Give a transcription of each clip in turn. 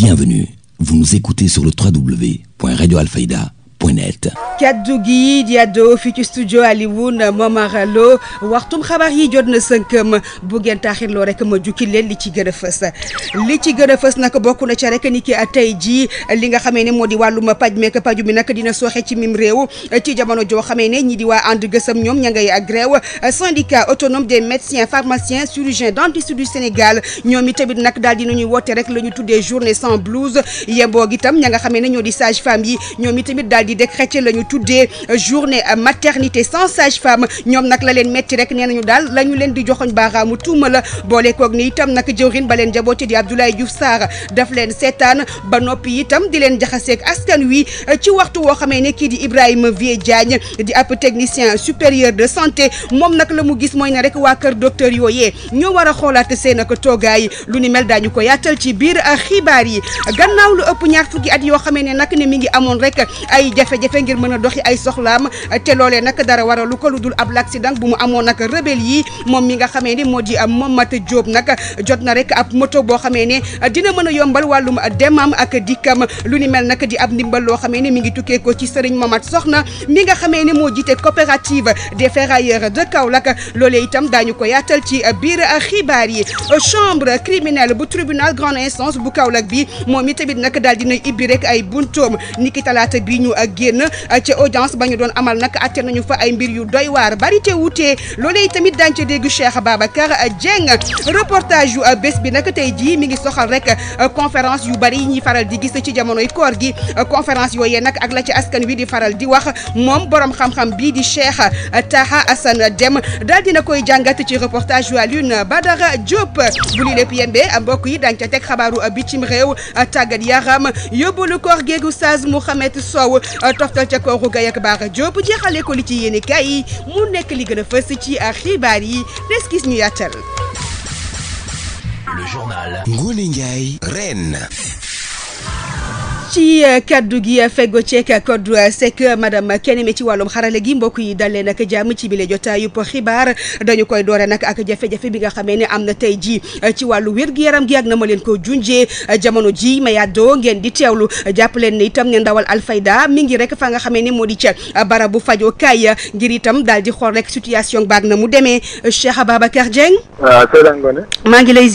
bienvenue. Vous nous écoutez sur le www.radioalfaïda.com. sénégal7.net. kaddu gi diado fii ci studio Alioune Momar Lo waxtum xabaar yi jot na sënkam bu ngeen taaxirloo rek ma jukki leen li ci gën a fës li ci gën a fës nag bokk na ca rek ni ki tey jii li nga xamee ne moo di wàllum paj meek paju bi nag dina sooxe ci mim réew ci jamono joo xamee ne ñi di waa ànd gësam ñoom ña ngay grève syndicat autonome des médecins pharmaciens chirurgiens dentistes du Sénégal ñoom itamit nag daal dinañuy woote rek la ñu tuddee journée sans blouse yemboo gi tam ña nga xamee ne ñoo di de chrétien la ñu tuddee journée maternité sans sage femme ñoom nag la leen métti rek nee ñu daal la ñu leen di joxoñ baaraamu tuuma la boole koog ni itam nag jëwrin ba leen jaboote di Abdoulaye Diouf Sarr daf leen seetaan ba noppi itam di leen jaxaseeg askan wi ci waxtu woo xamee ne kii di Ibrahima Vie Diagne di ab technicien supérieur de santé moom nag la mu gis mooy ne rek waa kër docteur yooyee ñoo war a xoolaat seen ak toogaay lu ni mel daañu ko yaatal ci biir xibaar yi gannaaw lu ëpp ñaar fukki at yoo xamee ne nag ne mi ngi amoon rek ay jafe-jafe ngir mën a doxi ay soxlaam te loolee nag dara lu ko lu dul ab l'accident bu mu amoon nag rebelle yi moom mi nga xamee ni moo di ah, Mamadou Diop nag jot na rek ab moto boo xamee ne dina mën a yombal wàllum demam ak dikkam lu ni mel nag di ab ndimbal loo xamee ne mi ngi tukkee ko ci Serigne Mamadou Soxna mi nga xamee ne moo jiite coopérative des ferrailleurs de Kaolack loolee itam daañu ko yaatal ci biir xibaar yi chambre criminelle bu tribunal grande instance bu kaw Kaolack bi moom itamit nag daal dina ibbi rek ay buntoom niki talaata bi génn euh, ca audience ba ñu doon amal nag atte nañu fa ay mbir yu doy waar bari te wuute loolee tamit daañu ca dégg Cheikh Babacar euh, Dieng reportage yu euh, bés bi nag tey jii mi ngi soxal rek conférence yu bari yi ñuy faral di gis ci jamonoy koor gi conférence yooyee nag ak la ci askan wi di faral di wax moom borom xam-xam bii di Cheikh Taha Assane Deme daal dina koy jàngat ci reportage yu Alioune Badara Diop bu li lépp yembe mbokk yi daañu ca teg xabaaru bitim réew tàggat yaram yóbbu lu koor Euh, toftal ca kooku Gaye ak Bara Diop jeexale ko li ci yéene kaay yi mu nekk li gën a fës ci xibaar yi des gis ñu yàttal. Le journal Ngoné ci euh, kaddu gi euh, fego ceek koddu sek euh, madame Keneme ci wàllum xarale gi mbokk yi dalee nag jàmm ci bile jotaayu xibaar dañu koy doore nag ak jafe-jafe bi nga xamee ni am na tey ji ci wàllu wér-gu-yaram gi ak na ma leen ko junjee jamono ji mayaddoo ngeen di teewlu jàpp leen ni itam ne ndawal Alfayda mi ngi rek fa nga xamee ni moo di ca barabu fajoo kaay ngir itam daal di xool rek situation baag na mu demee Cheikh Ababacar Dieng. Ah, maa ngi lay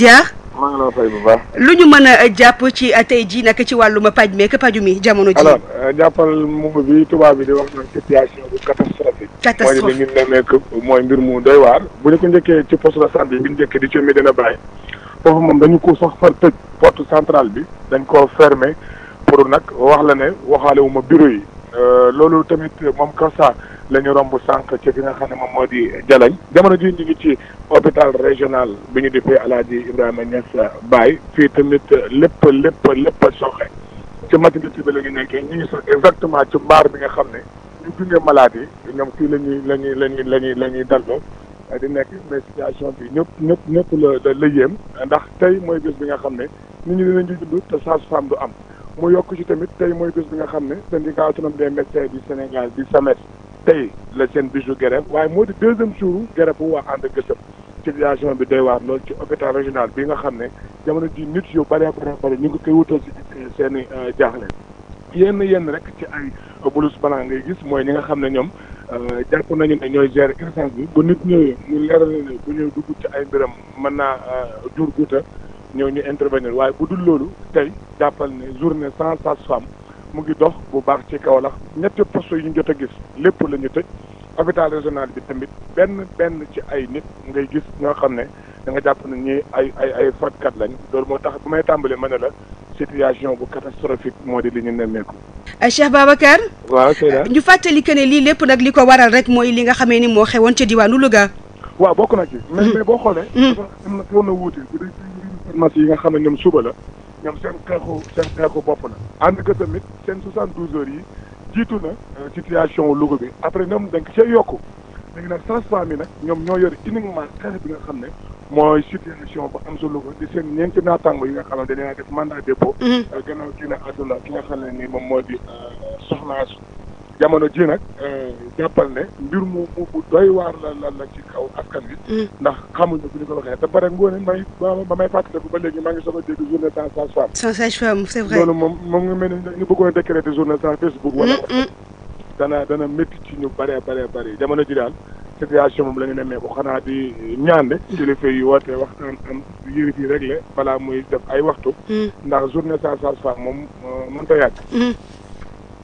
maa ngi la fay lu ñu mën a euh, jàpp ci euh, tey jii nag ci wàllum paj meek paju mi jamono ji. alors euh, jàppal mbubb bi tubaab bi di wax naan situation bu catastrophique. catastrophe mooy li ñu nemmeeku mooy mbir mu doy waar. bu ñu ko njëkkee ci poste de santé bi njëkk di ci Medina Baye foofu moom dañu ko sax far tëj porte centrale bi dañ koo ferme pour nag wax la ne waxaale wu ma bureau yi. loolu tamit moom Kansa. la romb sànq ci fi nga xam ne moom moo di Jalañ jamono ji ñu ngi ci hôpital régional bi ñu defee Alaaji Ibrahima Niass baay fii tamit lépp lépp lépp a soxe ci maternité bi la ñu nekkee ñu ngi sax exactement ci mbaar bi nga xam ne ñu gunge malade yi ñoom fii la ñuy la ñuy la la ñuy la ñuy dalloo eh, di nekk mais situation bi ñëpp ñëpp ñëpp la la yéem ndax tey mooy bés bi nga xam ne nit ñu dinañu judd te sage-femme du am mu yokk ci tamit tey mooy bés bi nga xam ne syndicat autonome des médecins du Sénégal di SAMES tey la seen bisu grève waaye moo di deuxième jour grève bu waa ànd gësëm situation bi doy waar loolu ci hôpital régional bi nga xam ne jamono ji nit yu bëree bëri bëri ñu ngi koy wutal si seeni i euh, jaaxle yenn yenn rek ci ay bulus balaa ngay gis mooy ñi nga xam ne ñoom euh, jàpp nañu ne ñooy ger urgence bi bu nit ñëwee ñu leeral ne bu ñuy dugg ci ay mbiram mën naa euh, jur guuta ñëw ñu intervenir waaye bu dul loolu tey jàppal ne journée cent sage-femme mu ngi dox bu baax ci Kaolack ñetti poste yu ñu jot a gis lépp la ñu tëj hôpital régional bi tamit benn benn ci ay nit ngay gis ñoo xam ne danga jàpp ne ñii ay ay ay fajkat lañ loolu moo tax bu may tàmbalee ma ne la situation bu catastrophique moo di li ñu nemmeeku. Euh, Cheikh Babacar. waaw Seyda ñu fàttali que ne lii lépp nag li ko waral rek mooy li nga xamee ni moo xewoon ca diwaanu Louga. waaw bokk na ci. mais mais boo xoolee. Hmm. dafa am na foo na wuute bu yi nga xam ne ñoom suba la. ñoom seen xeexu seen xeexu bopp la ànd que tamit seen 72 heures yi jiitu na euh, situation Louga bi après ñoom dañ ko cee yokku léegi nag transport bi nag ñoom ñoo yor uniquement xeex bi nga xam ne mooy situation ba am su Louga di seen ñeenti tàngoo yi nga xam ne dañu def a dépôt. Mm-hmm. Euh, gannaaw kii na àdduna ki nga xam ne nii moom moo di euh, soxna jamono ji nag mm. euh, jàppal ne mbir mu mu doy waar la la la ci kaw askan wi. Mm. ndax xamuñu bu ñu ko waxee te bare ngoone may ba may fàttaliku ba léegi maa ngi soog a dégg journée sans sage-femme. loolu moom moom nga mel ni ñu bëggoon a décréter journée sans Facebook. wala mm, dana dana métti ci ñu bare bare bare jamono ji daal situation moom la ñu nemmee ko xanaa di ñaande kilifa yi woote waxtaan am yëri fi réglé balaa muy def ay waxtu. ndax journée sans sage-femme moom euh, mënta yàgg.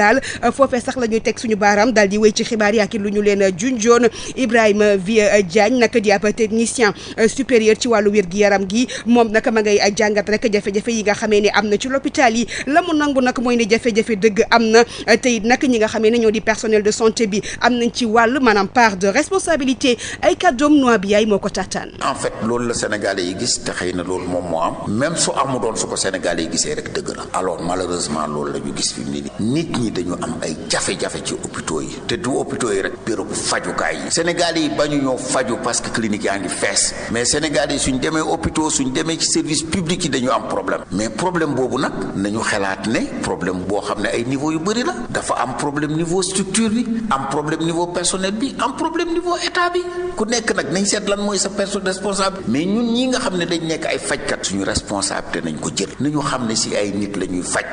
laal foofee sax la ñuy teg suñu baaraam daal di wéy ci xibaar yaa ak lu ñu leen junjoon Ibrahima Vieux Diagne nag di ab technicien supérieur ci wàllu wér gi yaram gi moom nag ma ngay jàngat rek jafe-jafe yi nga xamee ne am na ci l'hôpital yi la mu nangu nag mooy ne jafe-jafe dëgg am na tey it nag ñi nga xamee ne ñoo di personnel de santé bi am nañ ci wàll maanaam part de responsabilité ay kàddoom noa bi yaay moo ko taataan. en fait loolu la Sénégalais yi gis xëy na loolu moom moo am même amu doon su ko yi gisee rek dëgg la alors loolu la ñu gis ñi dañu am ay jafe-jafe ci hôpitaux yi te du hôpitaux yi rek béréb bu fajukaay yi Sénégal yi bañu ñoo faju parce que clinique yaa ngi fees mais Sénégal yi suñ demee hôpitaux suñ demee ci service public yi dañu am problème mais problème boobu nag nañu xalaat ne problème boo xam ne ay niveau yu bëri la dafa am problème niveau structure bi am problème niveau personnel bi am problème niveau état bi ku nekk nag nañ seet lan mooy sa personne responsable mais ñun ñi nga xam ne dañ nekk ay fajkat suñu responsabilité nañ ko jël nañu xam ne si ay nit la ñuy faj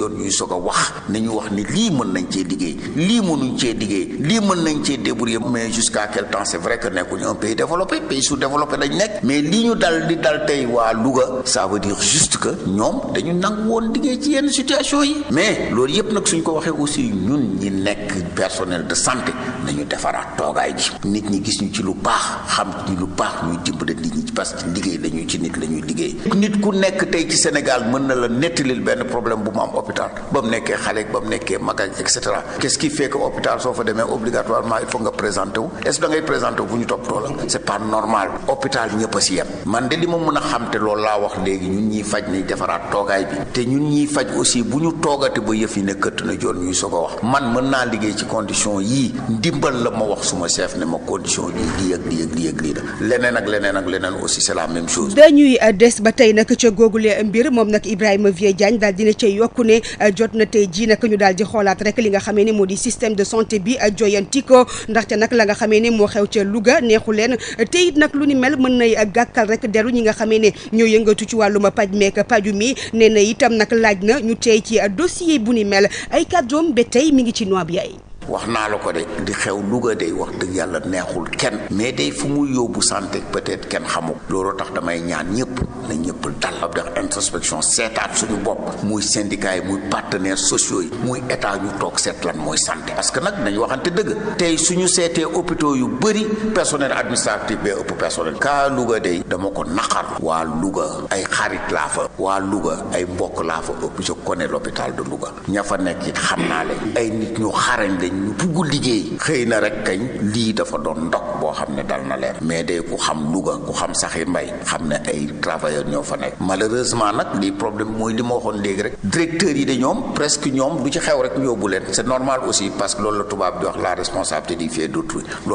joor ñuy soog a wax ñu wax ni lii mën nañ cee liggéey lii mënuñ cee liggéey lii mën nañ cee débrouiller mais jusqu'à quel temps c'est vrai que nekkuñu un pays développé pays sous-développé lañ nekk mais lii ñu dal di dal tey waa luga sa veut dire juste que ñoom dañu nangu woon liggéey ci yenn situation yi mais loolu yëpp nag suñ ko waxee aussi ñun ñi nekk personnel de santé nañu defaraat toogaay ji nit ñi gis ñu ci lu baax xam ci lu baax ñuy dimbale nit ñi parce que liggéey lañu ci nit la liggéey nit ku nekk tey ci Sénégal mën na la nettalil benn problème bu mu am ba mu nekkee xale ba mu nekkee mag ak qu'est-ce qui fait hôpital soo fa demee obligatoirement il faut nga présenté est-ce que da ngay présenté wu bu ñu toppatoo la c'est pas normal hôpital ñëpp a si yem man de li ma mën a xam te loolu laa wax léegi ñun ñiy faj nañ defaraat toogaay bi te ñun ñiy faj aussi bu ñu toogate ba yëf këtt na joon ñuy soog a wax man mën naa liggéey ci condition yii ndimbal la ma wax suma chef ne ma condition lii lii ak lii ak ne eh, jot na tey jii nag ñu daal di xoolaat rek li nga xamee ne moo di système de santé bi eh, joyanti ko ndaxte nag la nga xamee ne moo xew ca Louga neexu leen eh, te it nag lu ni mel mën nay gàkkal rek deru ñi nga xamee ne ñoo yëngatu ci wàllum paj meek paju mi nee na itam nag laaj na ñu tey ci dossier bu ni mel ay kàddoom ba tey mu ngi ci noib yaay wax naa la ko de di xew Louga day wax dëgg yàlla neexul kenn mais day fu muy yóbbu santé peut-être kenn xamu loolu tax damay ñaan ñëpp na ñëpp dal ab def introspection seetaat suñu bopp muy syndicat yi muy partenaires sociaux yi muy état ñu toog seet lan mooy santé parce que nag nañu waxante dëgg tey suñu seetee opito yu bëri personnel administratif bee ëpp personnel kaa Louga day dama ko naqar waa Louga ay xarit laa fa waa Louga ay mbokk laa fa ëpp je connais ñu buggul liggéey xëy na rek kañ lii dafa doon ndog boo xam ne dal na leen mais de ku xam Louga ku xam saxi mbay xam ne ay travailleurs ñoo fa nekk malheureusement nag lii problème mooy li ma waxoon léegi rek directeurs yi de ñoom presque ñoom lu ci xew rek yóbbu leen c'est normal aussi parce que loolu la tubaab di wax la responsabilité du fait lu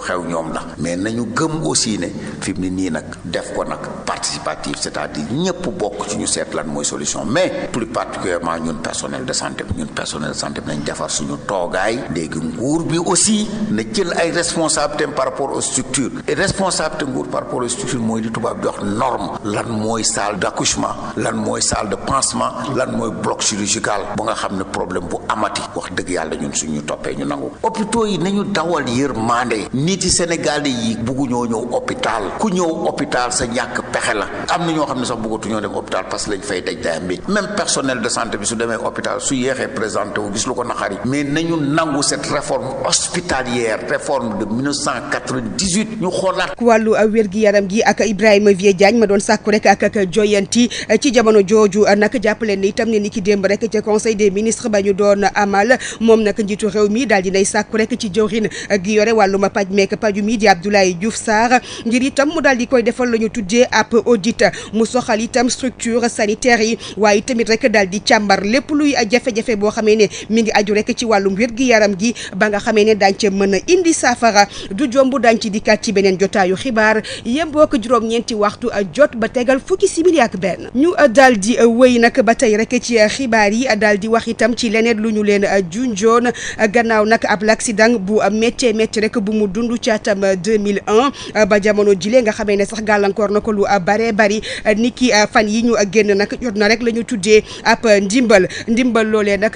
xew ñoom la mais nañu gëm aussi ne fi mu ne nii nag def ko nag participative c'est-à-dire ñëpp bokk ci ñu seet lan mooy solution mais plus particulièrement ñun personnel de santé ñun personnel de santé bi nañ defar suñu toogaay léegi nguur bi aussi na jël ay responsabilités par rapport aux structures et responsabilité nguur par rapport aux structures mooy li tubaab di wax norme lan mooy salle d'accouchement lan mooy salle de pansement lan mooy bloc chirurgical ba nga xam ne problème bu amati wax dëgg yàlla ñun suñu toppee ñu nangu hôpitaux yi nañu dawal yërmande nit yi Sénégalais yi ñoo ñëw hôpital ku ñëw hôpital sa ñàkk pexe la am na ñoo xam ne sax bëggatuñoo dem hôpital parce que lañ fay daj dayam bi même personnel bi su demee hôpital su yéexee présenté wu gis lu ko naxari mais nañu nangu cette réforme hospitalière réforme de 1998 ñu xoolaat. wàllu wér gi yaram gi ak Ibrahima Vier jaañ ma doon sàkku rek ak ak joyanti ci jamono jooju nak jàppale ni itam ne ni ki démb rek ca conseil des ministre ba ñu doon amal moom nag njiitu réew mi daal dinay sàkku rek ci jëwrin gi yore ma paj meek paju mi di Abdoulaye juf saara ngir itam mu daal di koy defal la ñu tuddee ab audit mu soxal itam structure sanitaire yi waaye tamit rek daal di càmbar lépp luy jafe boo xamee ne mi ngi aju rek ci wàllum wér gi yaram gi ba nga xamee ne daañ ca mën a indi saafara du jomb daañ ci dikkaat ci beneen jotaayu xibaar yem boo ko juróom-ñeenti waxtu a jot ba tegal fukki simili ak benn ñu daal di wéy nag ba tey rek ci xibaar yi daal di wax itam ci leneen lu ñu leen junjoon gannaaw nag ab l'accident bu mettee métti rek bu mu dund ci atam 2001 ba jamono jilee nga xamee ne sax gàllankoor na ko lu bare bari niki fan yi ñu génn nag jot na rek lañu tuddee ab ndimbal ndimbal loolee nag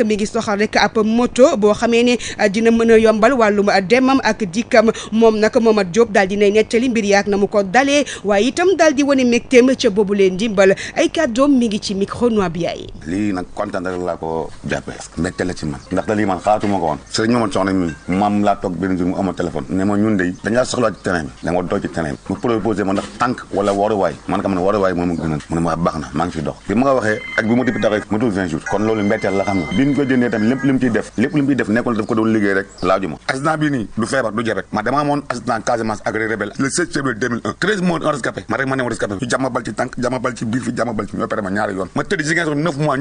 mi ngi dina mën a yombal wàllum demam ak dikkam moom nag Momad Diop daal di nay nettali mbir yaak na mu ko dalee waaye itam daal di wane mbégteem ca boobu leen ndimbal ay kàddoom mi ngi ci micro bi yaay. lii laa toog benn jour mu amoon téléphone. ne ma ñun de dañ laa soxlaa ci terrain bi. mu proposé ma ndax a. mu ne ma baax na maa ngi dox. bi ma ko waxee ak bi ma dippi taxee. ma dul 20 jours kon loolu mbetteel la xam nga. bi ñu ko jëndee tamit lépp lu mu def lépp liggéey rek laajuma accident bii nii du feebar du jabet ma dama amoon accident Casamance agré rebelle le 16 février 2001 13 mois rescapé ma ma ne rescapé ñu jàmma bal ci tànk jàmma bal ma ñaari yoon ma tëddi si ngeen so 9 mois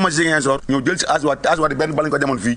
ma si ngeen sor ñëw si Aswad te Aswad benn fii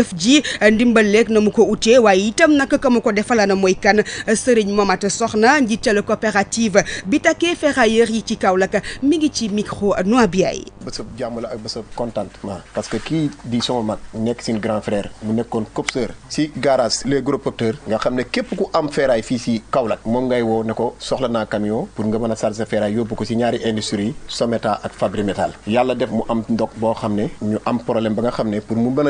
jëf ji ndimbal leeg na mu ko utee waaye itam nag ka mu ko na mooy kan Serigne Momata Soxna njiitalu coopérative bi takkee ferrailleur yi ci Kaolack mi ngi ci micro Noa Biaye bésab jàmm la ak bésab contentement parce que kii di sama mag nekk sin grand frère mu nekkoon copseur si garage les gros nga xam ne képp ku am ferraille fii si Kaolack moom ngay woo ne ko soxla naa camion pour nga mën a charger ferraille yóbbu ko si ñaari industrie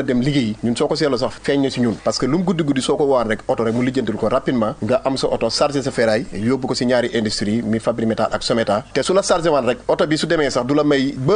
a dem liggéey ñun ko seetloo sax feeñ na si ñun parce que lu mu guddi guddi soo ko waan rek oto rek mu lijjantul ko rapidement nga am sa oto charger sa ferraille yóbbu ko si ñaari industrie mi Fabri Metal ak Someta te su la charger rek oto bi su demee sax du la may ba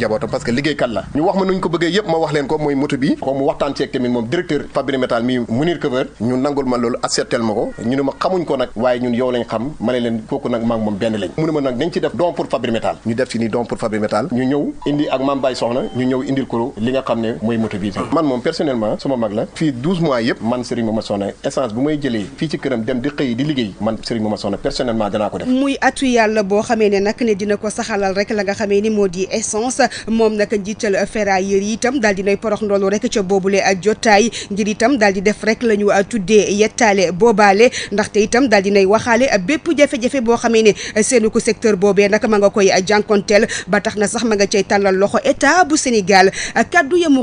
njabootam parce que liggéeykat la ñu wax ma nuñ ko bëggee yëpp ma wax leen ko mooy moto bi ko mu waxtaan ceeg tamit moom directeur Fabri Métal mi Mounir Kébër ñu nangul ma loolu acceptel ma ko ñu ne ma nag nañ ci def don pour Fabri Métal ñu def ci ni don pour Fabri Métal ñu ñëw indi ak Mame Soxna ñu ñëw indil ko li nga xam ne mooy moto bi ah. man moom personnellement suma mag la fii 12 mois yëpp man Serigne Momar Soxna essence bu may jëlee fii ci këram moom nag njiital ferrailleur yi itam daal dinay porox ndoolu rek ca boobule jotaay ngir itam daal di def rek la ñu tuddee yettaale boobaale ndaxte itam daal dinay waxaale bépp jafe-jafe boo ba tax na sax ma nga cay tàllal loxo état bu Sénégal kaddu ya xam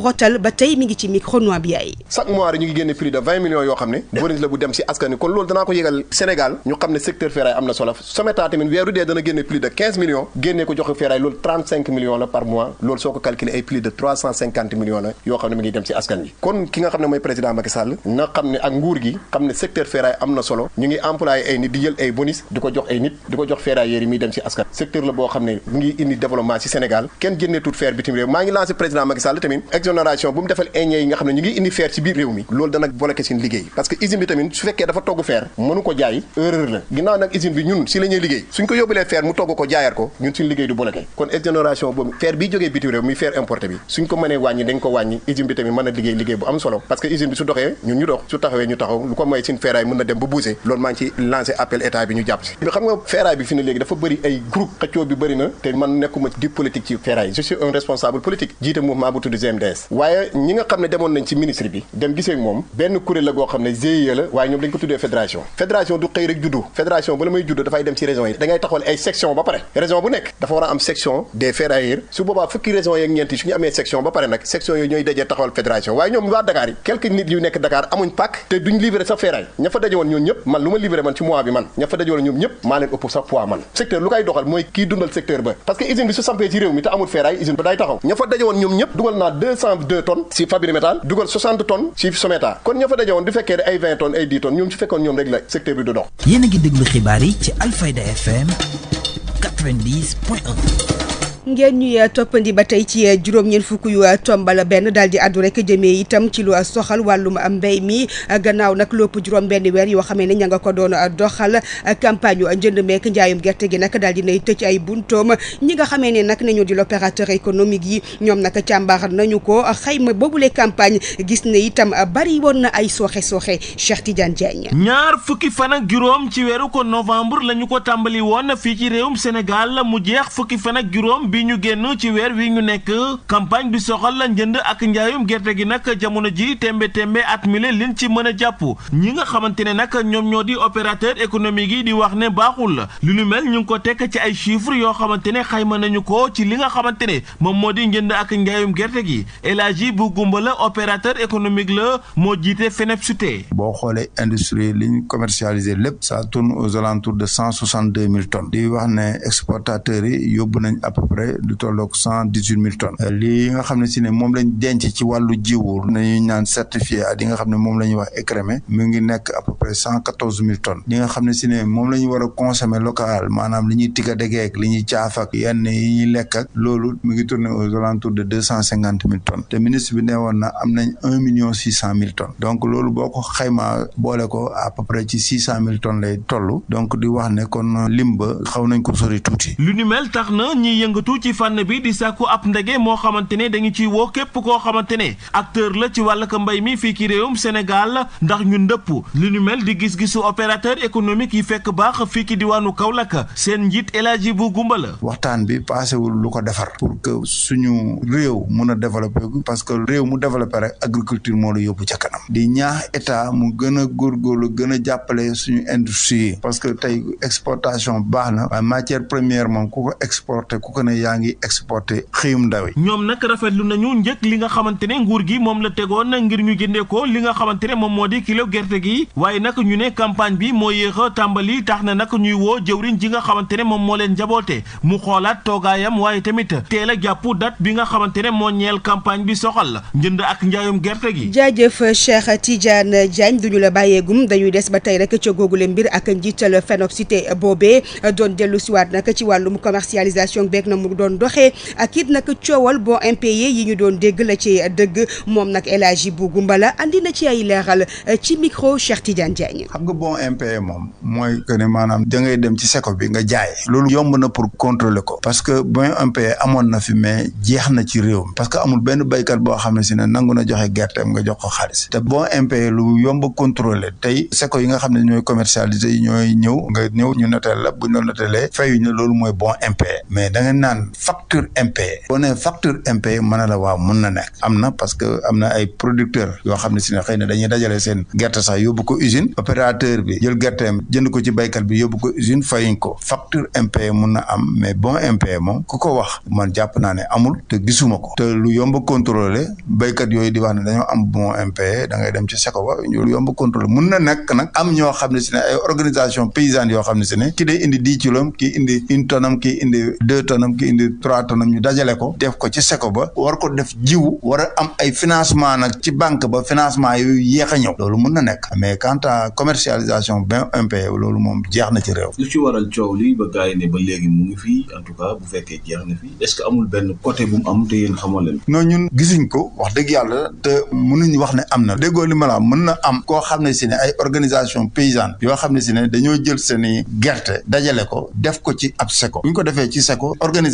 ne bonus la bu dem si askan wi kon ko yégal Sénégal ñu xam ne secteur ferraille am na solo SOMETA tamit weeru dee dana génne prix de quinze millions génnee ko joxe ferraille loolu trente cinq millions la par mois mois soo ko calculer ay plus de 350 millions la yoo xam ne mi ngi dem ci askan wi kon ki nga xam ne mooy président Macky na xam ne ak nguur gi xam ne secteur ferraille am na solo ñu ngi employé ay nit di jël ay bonus di ko jox ay nit di ko jox ferrailleurs yi muy dem ci askan secteur la boo xam ne mu ngi indi développement ci Sénégal kenn jëndee ne ñu ngi bi tamit su fekkee dafa togg fer mënu ko jaay erreur la ginnaaw nag usine bi bi muy faire importer bi suñ ko mënee wàññi dañ ko wàññi usine bi tamit mën a liggéey liggéey bu am solo parce que usine bi su doxee ñu dox su taxawee ñu ko may suñ ferraille mën na dem ba bougé loolu maa ngi ci lancé appel état bi ñu jàpp si xam nga ferraille bi fi ne léegi dafa bëri ay groupe xëccoo bi bëri na te man nekkuma di politique ci ferraille je un responsable politique jiite mouvement bu tudd GMDS waaye ñi nga xam ne demoon nañ ci ministre boobaa fukki région yeeg ñeent yi suñu amee section ba pare nag section yooyu ñooy dajee taxawal fédération waaye ñoom waa Dakar yi quelques nit yu nekk Dakar amuñ pàkk te duñ livré sa feeraay ña fa daje woon ñoom ñëpp man lu ma livré man ci mois bi man ña fa daje woon ñoom ñëpp maa leen ëpp sa poids man secteur lu koy doxal mooy kii dundal secteur ba parce que usine bi su sampee ci réew mi te amul feeraay usine ba day taxaw ña fa daje woon ñoom ñëpp ngeen ñuy eh, toppandi ba tey ci eh, juróom-ñeent fukk yu eh, tombal benn daal di àddu rek jëmee itam ci lu soxal wàllum mbéy mi gannaaw nag lépp juróom-benn weer yoo xamee ne ña nga ko doon doxal campagne yu njënd meek njaayum gerte gi nag daal di nay tëj ay buntoom ñi nga xamee ne nag nañu di l' opérateur économique yi ñoom nag càmbaar nañu ko xayma boobule campagne gis ne itam bari woon na ay sooxe sooxe Cheikh Tidiane Diagne. ñaar fukki fan ak juróom ci weeru ko novembre la ko tàmbali woon fii ci réewum Sénégal mu jeex fukki fan ak bi ñu génn ci weer wi ñu nekk campagne bi soxal la njënd ak njaayum gerte gi nag jamono ji tembe tembe at mile liñ ci mën a jàpp ñi nga xamante ne nag ñoom ñoo di opérateur économique yi di wax ne baaxul la lu ñu mel ñu ngi ko tekk ci ay chiffres yoo xamante ne xayma nañu ko ci li nga xamante ne moom moo di njënd ak njaayum gerte gi El Hadji bu gumba la opérateur économique la moo jiite FENEPSUTE boo xoolee industrie liñ commercialisé lépp ça tourne aux alentours de cent soixante deux mille tonnes di wax yi déclaré lu tolloog cent dix huit mille tonnes li nga xam ne si ne moom lañ denc ci wàllu jiwu nañu naan certifié ak li nga xam ne moom la ñuy wax écrémé mu ngi nekk à peu près cent quatorze mille tonnes li nga xam ne si ne moom la ñu war a consommer local maanaam li ñuy tigga dégeek li ñuy caaf ak yenn yi ñuy lekk ak loolu mu ngi tourné aux alentours de deux cent cinquante mille ton te ministre bi ne woon na am nañ un million six cent mille tonnes donc loolu boo ko xaymaa boole ko à peu près ci six cent mille tonnes lay tollu donc di wax ne kon lim ba xaw nañ ko sori tuuti. yëngu ci fànn bi di sàkku ab ndege moo xamante ne dañu ciy woo képp koo xamante ne acteur la ci wàllug mbay mi fii ci réewum Sénégal ndax ñu ndëpp li ñu mel di gis-gisu opérateur économique yi fekk baax fii ci diwaanu Kaolack seen njiit El bu gumba la waxtaan bi paasewul lu ko defar pour que suñu réew mun a développé parce que réew mu développé rek agriculture moo la yóbbu ca kanam di ñaax état mu gën a góorgóorlu gën a jàppale suñu industrie parce yaa ngi exporté xëyum ndaw yi ñoom nag rafetlu nañu njëkk li nga xamante ne nguur gi moom la tegoon ngir ñu jëndee ko li nga xamante ne moom moo di kilo gerte gi waaye nag ñu ne campagne bi moo yéex tàmbali tax na nag ñuy woo jëwriñ ji nga xamante ne moom moo leen njaboote mu xoolaat toogaayam waaye tamit teel a jàpp date bi nga xamante ne moo ñeel campagne bi soxal la njënd ak njaayum gerte gi jaajëf Cheikh Tidiane Diagne duñu la bàyyeegum dañuy des ba tey rek ca googule mbir ak njiital Phénoxité boobee doon dellu siwaat nag ci wàllum commercialisation mu doon doxee ak it nag coowal bon impayé yi ñu doon dégg la ci dëgg moom nag El Hadji bu Gumbala andi na ci ay leeral ci micro Cheikh Tidiane Diagne. xam nga bon impayé moom mooy que ne maanaam da ngay dem ci seko bi nga jaay loolu yomb na pour contrôler ko parce que bon impayé amoon na fi mais jeex na ci réew parce que amul benn béykat boo xam ne ne nangu na joxe gerteem nga jox ko xaalis te bon impayé lu yomb contrôler tey seko yi nga xam ne ñooy commercialisé yi ñooy ñëw nga ñëw ñu noteel la buñ la notelee fayuñ la loolu mooy bon impayé mais da nga naan naan facture impayé boo nee facture na la waaw mun na nekk am na parce que am na ay producteurs yoo xam ne si ne xëy na dañuy dajale seen gerte sax yóbbu ko usine opérateur bi jël gerteem jënd ko ci baykat bi yóbbu ko usine fayuñ facture impayé mun na am mais bon impayé moom ku ko wax man jàpp naa ne amul te gisuma ko te lu yomb a contrôler baykat yooyu di wax ne dañoo am bon impayé da ngay dem ci seko ba lu yomb a contrôler mun na nekk nag am ñoo xam ne si ne ay yoo xam fi indi trois tonnes ñu dajale ko def ko ci seko ba war ko def jiwu war a am ay financement nag ci banque ba financement yooyu yéex a ñëw loolu mun na nekk mais quant commercialisation bien impayé loolu na ci réew lu ci waral coow li ba gars yi ne léegi mu ngi en tout cas bu fekkee jeex na fii est-ce que amul benn côté bu mu am te yéen xamoo leen non ñun gisuñ ko wax dëgg yàlla te mënuñ wax ne am na déggoo li ma la na am koo xam ne si ne ay organisation paysanne yoo xam ne si ne dañoo jël seeni gerte dajale ko def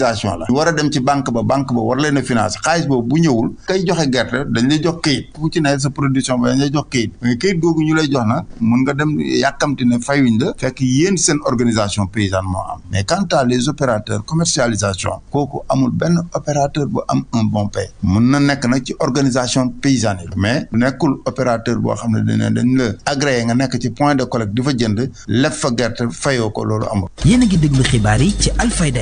autorisation la. war a dem ci banque ba banque ba war leen a financer xaalis boobu bu ñëwul kay joxe gerte dañ lay jox këyit bu ci ne sa production ba dañ lay jox këyit mais këyit googu ñu lay jox na mun nga dem yàkkamti ne fayuñ la fekk yéen seen organisation paysanne moo am mais kanta les opérateurs commercialisation kooku amul benn opérateur bu am un bon pay mun na nekk nag ci organisation paysanne yi mais nekkul opérateur boo xam ne dina dañ la agréé nga nekk ci point de collecte di fa jënd lef fa gerte fayoo ko loolu amul. yéen xibaar yi ci Alfayda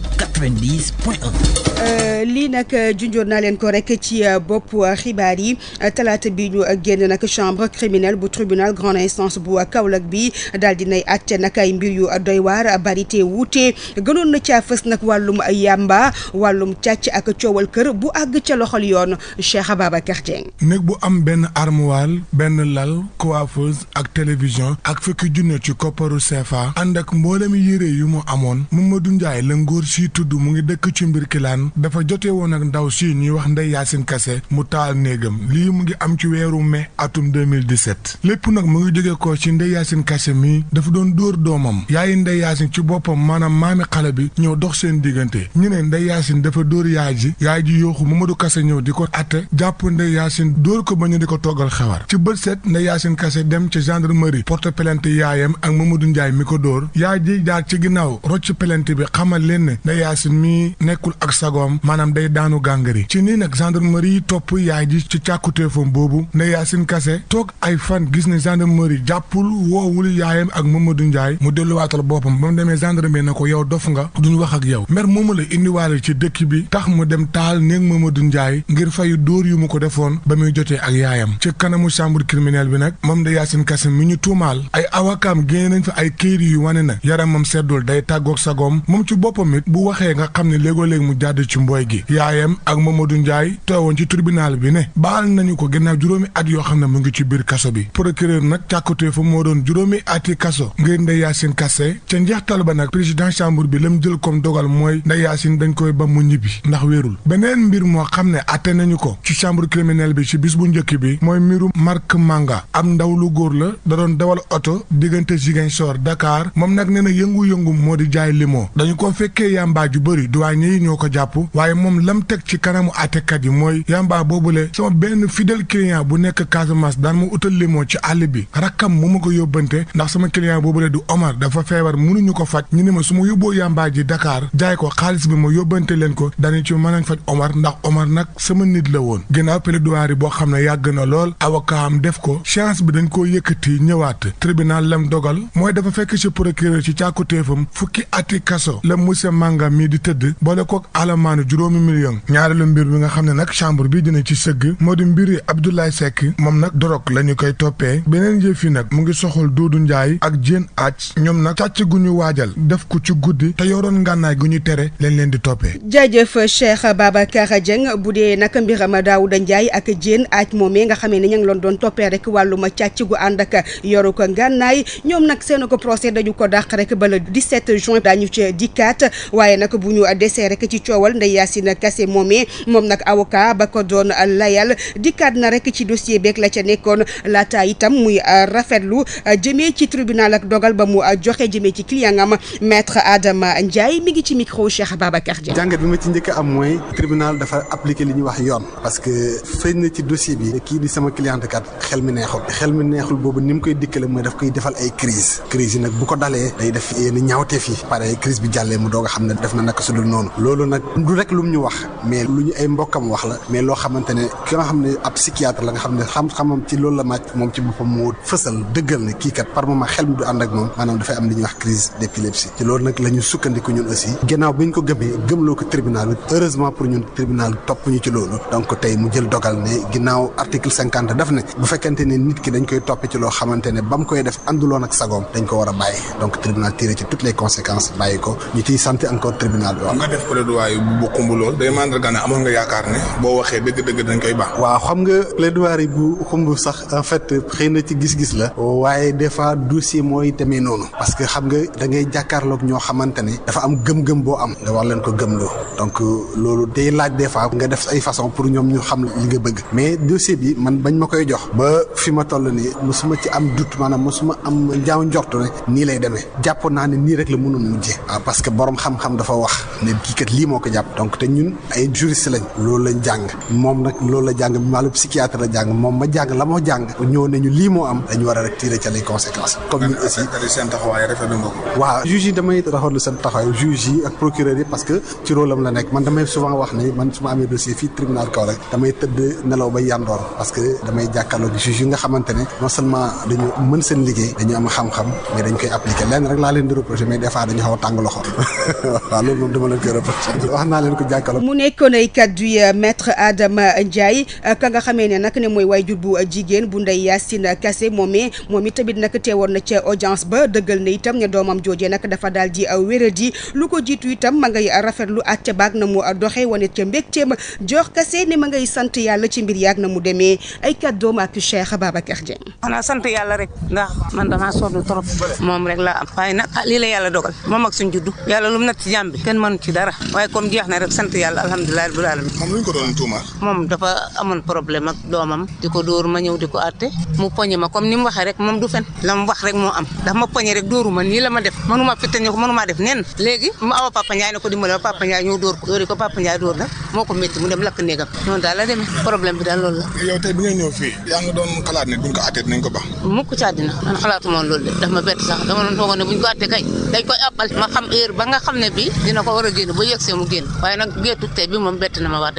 90 point 1. Euh, lii nag euh, junjoon naa leen ko rekk ci euh, bopp xibaar yi talaata bi ñu génn nag chambre criminelle bu tribunal grande instance bu Kaolack bi daal di nay àtte nag ay mbir yu doy waar bari te wuute gënoon na caa fës nag wàllum yàmba wàllum càcc ak coowal kër bu àgg ca loxol yoon Cheikh Ababacar Dieng. néeg bu am benn armoire benn lal coiffeuse ak télévision ak fukki junne ci kopparu CFA ànd ak mboolem yére yu mu amoon Mamadou Ndiaye la ngóor tudd juddu mu ngi ci mbir kilaan dafa jote woon ak ndaw si ñuy wax Ndeye Yacine Kassé mu taal néegam lii mu ngi am ci weeru mai atum 2017 lépp nag mu ngi jóge ko ci Ndeye Yacine Kassé mi dafa doon dóor doomam yaayi Ndeye ci boppam maanaam maami xale bi ñëw dox seen diggante ñu ne Ndeye Yacine dafa dóor yaay ji yaay ma yooxu Mamadou Kassé ñëw di ko atte jàpp Ndeye Yacine dóor ko ba ñu di ko toggal xewar ci bët set Ndeye kase Kassé dem ca gendarmerie porte plainte yaayam ak Mamadou Ndiaye mi ko dóor yaay ji jaar ci ginnaaw rocc plainte bi xamal leen ne Yacine mi nekkul ak sagoom maanaam day daanu gàngari ci nii nag gendarmerie topp yaay ji ci càkkutéefam boobu ne Yacine Kassé toog ay fan gis ne gendarmerie jàppul woowul yaayam ak Mamadou Ndiaye mu delluwaatal boppam ba mu demee gendarmerie na ko yow dof nga duñu wax ak yow mer moomu la indiwaale ci dëkk bi tax mu dem taal néeg Mamadou Ndiaye ngir fay dóor yu mu ko defoon ba muy jotee ak yaayam ci kanamu chambre criminelle bi nag moom de Yacine Kassé mi ñu tuumaal ay awakaam nañ fa ay këyit yu wane na yaramam seddul day tàggoog sagoom moom ci boppam it bu waxee yooyee nga xam ne léegoo léegi mu jàdd ci mbooy gi yaayam ak Mamadou Ndiaye teewoon ci tribunal bi ne baal nañu ko gannaaw juróomi at yoo xam ne mu ngi ci biir kaso bi procureur nag càkkutee fa moo doon juróomi ati kaso ngir Ndeye Yacine Kassé ca njeextal ba nag président chambre bi la jël koom dogal mooy Ndeye Yacine dañ koy ba mu ñibbi ndax wéerul beneen mbir moo xam ne atte nañu ko ci chambre criminelle bi ci bis bu njëkk bi mooy mbiru mark Manga am ndaw lu góor la da dawal oto diggante Ziguinchor Dakar moom nag nee na yëngu-yëngu moo di jaay limo dañu ko bëri douanier yi ñoo ko jàpp waaye moom lam teg ci kanamu àttekat yi mooy yamba boobule sama benn fidèle client bu nekk Casamance daan ma utal limon ci àll bi rakkam mu ma ko yóbbante ndax sama client boobule du Omar dafa feebar mënuñu ko faj ñu ne ma su ma yóbboo yamba ji dakaar jaay ko xaalis bi ma yóbbante leen ko dañu ci mën a faj Omar ndax Omar nag sama nit la woon ginnaaw plaidoirie boo xam ne yàgg na lool avocat am def ko chance bi dañ koo yëkkati ñëwaat tribunal lam dogal mooy dafa fekk ci procureur ci càkkutéefam fukki ati kaso la monsieur Manga mi mii di tëdd boole kook alamaanu juróomi million ñaareelu mbir mi nga xam ne nag chambre bi dina ci sëgg moo di mbiri Abdoulaye moom nag dorog la ñu koy toppee beneen yi nag mu ngi soxal Doudou Ndiaye ak Diène Athie ñoom nag càcc gu nu waajal def ko ci guddi te yoroon ngànnaay gu ñu tere leen leen di toppee. jaajëf Cheikh Babacar Dieng bu dee nag mbiram Daouda Ndiaye ak Diène Athie moomee nga xamee ne ña ngi loon doon toppee rek wàllum càcc gu ànd ak yoru ko ngànnaay ñoom nag seen ko procès dañu ko dàq rek ba le 17 juin daañu ci dikkaat nag bu ñu desee rek ci coowal Ndeye Yacine Kassé moomee moom nag avocat ba ko doon layal dikkaat na rek ci dossier beeg la ca nekkoon laata itam muy rafetlu jëmee ci tribunal ak dogal ba mu joxe jëmee ci client am ngi ci micro Cheikh Babacar bi ma ci njëkk am mooy tribunal dafa appliqué li ñuy wax yoon. parce que feeñ na ci dossier bi. kii di sama cliente kat xel mi neexul. xel mi neexul boobu ni mu koy dikkale mooy daf koy defal ay crise crise yi nag bu ko dalee day def yenn ñaawteef yi. pare crise bi jàllee a na naka su dul noonu loolu nag du rek lu mu ñu wax mais lu ñu ay mbokkam wax la mais loo xamante ne ki nga xam ne ab psychiatre la nga xam ne xam-xamam ci loolu la màcc moom ci boppam moo fësal dëggal ne kii kat par moment xel mi du ànd ak moom maanaam dafay am li ñuy wax crise d'épilepsie ci loolu nag la ñu sukkandiku ñun aussi gannaaw bi ñu ko gëmee gëmloo ko tribunal bi heureusement pour ñun tribunal topp ñu ci loolu donc tey mu jël dogal ne ginnaaw article def daf ne bu fekkente ne nit ki dañ koy topp ci loo xamante ne ba mu koy def ànduloon ak sagoom dañ ko war a bàyyi donc tribunal tiré ci toutes les conséquences bàyyi ko ñu ciy sant tribunal bi waaw. nga def plaidoyer bu bokkul lool day mandarga ne amoon nga yaakaar ne boo bu xumb na ci gis-gis la. waaye des fois dossier mooy demee noonu. parce que xam nga da ngay jàkkaarloog ñoo xamante ne. dafa am gëm-gëm boo am. nga war leen ko gëmloo. donc loolu day laaj des fois. nga def ay façon pour ñoom ñu xam li nga bëgg. mais dossier bi man bañ ma koy jox. ba fi ma toll nii mosuma ci am doute maanaam mosuma am njaaw njort ne nii lay demee jàpp naa ne nii rek la mënoon mujjee. parce que borom xam-xam dafa wax ne kii kat lii moo moom loolu la jàng maa la psychiatre la jàng moom ma jàng la moo jàng ñëw nañu lii moo am dañu war a rek tirer ca les conséquences comme ñun aussi waaw juge yi damay rafetlu seen taxawaay juge yi ak procureur yi parce que ci rôle am la nekk man damay souvent wax ne man su ma amee dossier fii tribunal kaw rek damay tëdd nelaw ba yandoor parce que damay jàkkaarloog juge nga xamante ne non seulement dañu mën seen liggéey dañu am xam-xam mais dañ koy appliquer lenn rek laa leen di reproché mais des dañu xaw tàng loxo loolu moom dama leen koy répété wax naa leen ko jàkkaarloo. mu nekkoon ay kàddu yi euh, maître Adama Ndiaye euh, ka nga xamee ne nag ne mooy waajur bu euh, jigéen bu ndey Yacine Kassé moom it tamit nag teewoon na ca audience ba dëggal na itam ne doomam joojee nag dafa daal di wéradi lu ko jiitu itam ma ngay rafetlu àtte baag na mu doxee wane ca mbégteem jox Kassé ne ma ngay sant yàlla ci mbir yaag na mu demee ay kàddoom ak Cheikh Babacar Dieng. xanaa sant yàlla rek ndax man damaa sonn trop moom rek laa am waaye nag ah, lii la yàlla dogal moom ak suñ juddu yàlla lu natt ci bi kenn mënu ci dara waaye comme jeex na rek sant yàlla alhamdulilah rabbil alamin moom lu ñu ko doon mu poñe mu lakk néegam noonu daal la demee problème bi daal loolu la yow tey bi nga ñëw fii yaa nga doon xalaat ne buñ ko àttee dinañ ko baax mukk ci àddina man xalaatu moon loolu de daf bett sax dama doon toogoon ne buñ ko àttee kay dañ koy àppal ma xam heure ba nga xam ne bi dina ko war a génn ba yegg see mu génn waaye nag géetu tey bi moom bett na ma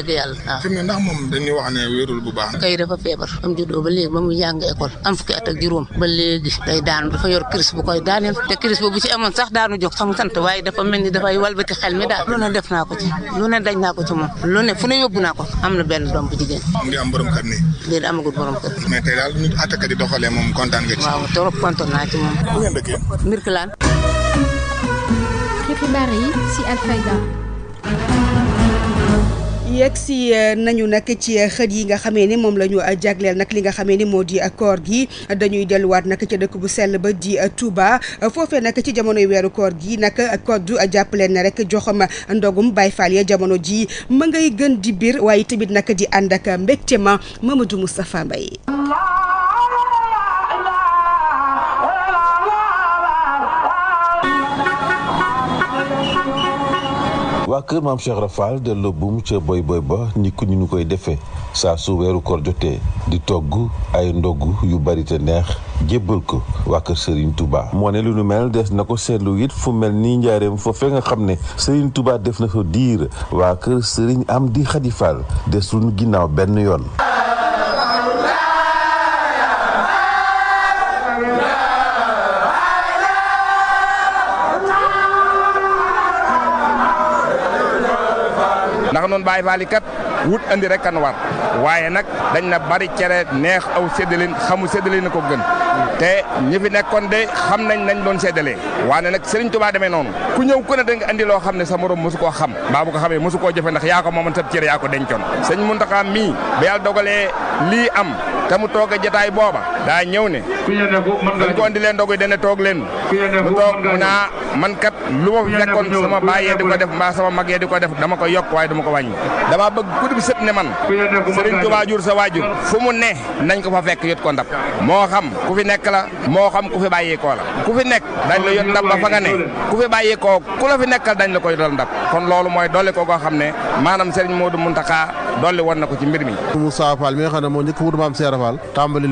yor crise bu koy daaneel te crise bu ci amoon sax daanu jóg sax waaye dafa mel ni dafay walbati xel mi daal lu ne def naa ko ci moom lu ne fu ne yóbbu naa ko am na benn doom bu jigéen am borom nii daal ñu attaque moom kontaan nga ci waaw trop kontaan naa ci moom mbir ki laan xibaar yi ci Alfayda euh, nañu nag ci euh, xët yi nga xamee ni moom la ñu euh, jagleel nag li nga xamee ni moo di koor gi dañuy delluwaat nag ci dëkk bu sell ba di Touba foofee nag ci jamonoy weeru koor gi nag koddu jàppaleen na rek joxam ndogum Baay Faal ya jamono ji ma ngay gën di biir waaye tamit nag di ànd ak mbégte ma Mamadou Moustapha Mbaye waa kër maam Cheikh Rafal delloo buum ca boy boy ba ni ku ñu ñu koy defee saa su weeru koor jotee di togg ay ndogg yu bari te neex jébbal ko waa kër Serigne tubaa moo ne lu nu mel des na ko seetlu it fu mel ni njaareem foofee nga xam ne Serigne Touba def na fa diir waa kër Serigne am di xadifal des lu nu ginnaaw benn yoon. ndax noonu Baay Faal yi kat wut andi rek kan war waaye nag dañ na bari cere neex aw séddalin xamu na ko gën te ñi fi nekkoon de xam nañ nañ noonu ku ñëw ku ne da nga loo xam ne sa morom mosu koo xam mbaa bu ko xamee mosu koo jëfe ndax yaa ko moomoon sab cere yaa ko dencoon sëñ Muntaxa mii ba yàlla lii am te mu toog a jataay booba daa ñëw ne dañ ko andi leen ndogu dana toog leen mu toog mu naa ah, man kat lu ma fekkoon sama baayee di ko def mbaa sama mag yee ko def dama ko yokk waaye dama ko wàññi dama bëgg ku dib sët ne man Sëriñ Tuubaa jur sa waajur fu mu ne nañ ko fa fekk yot ko ndab moo xam ku fi nekk la moo xam ku fi bàyyeekoo la ku fi nekk dañ la yot ndab ba fa nga ne ku fi bàyyeekoo ku la fi nekkal dañ la koy dal ndab kon loolu ko koo xam dolli woon na ko ci mbir mi Moussa Fall mi nga xam ne moo njëkk wutu maam Seera Fall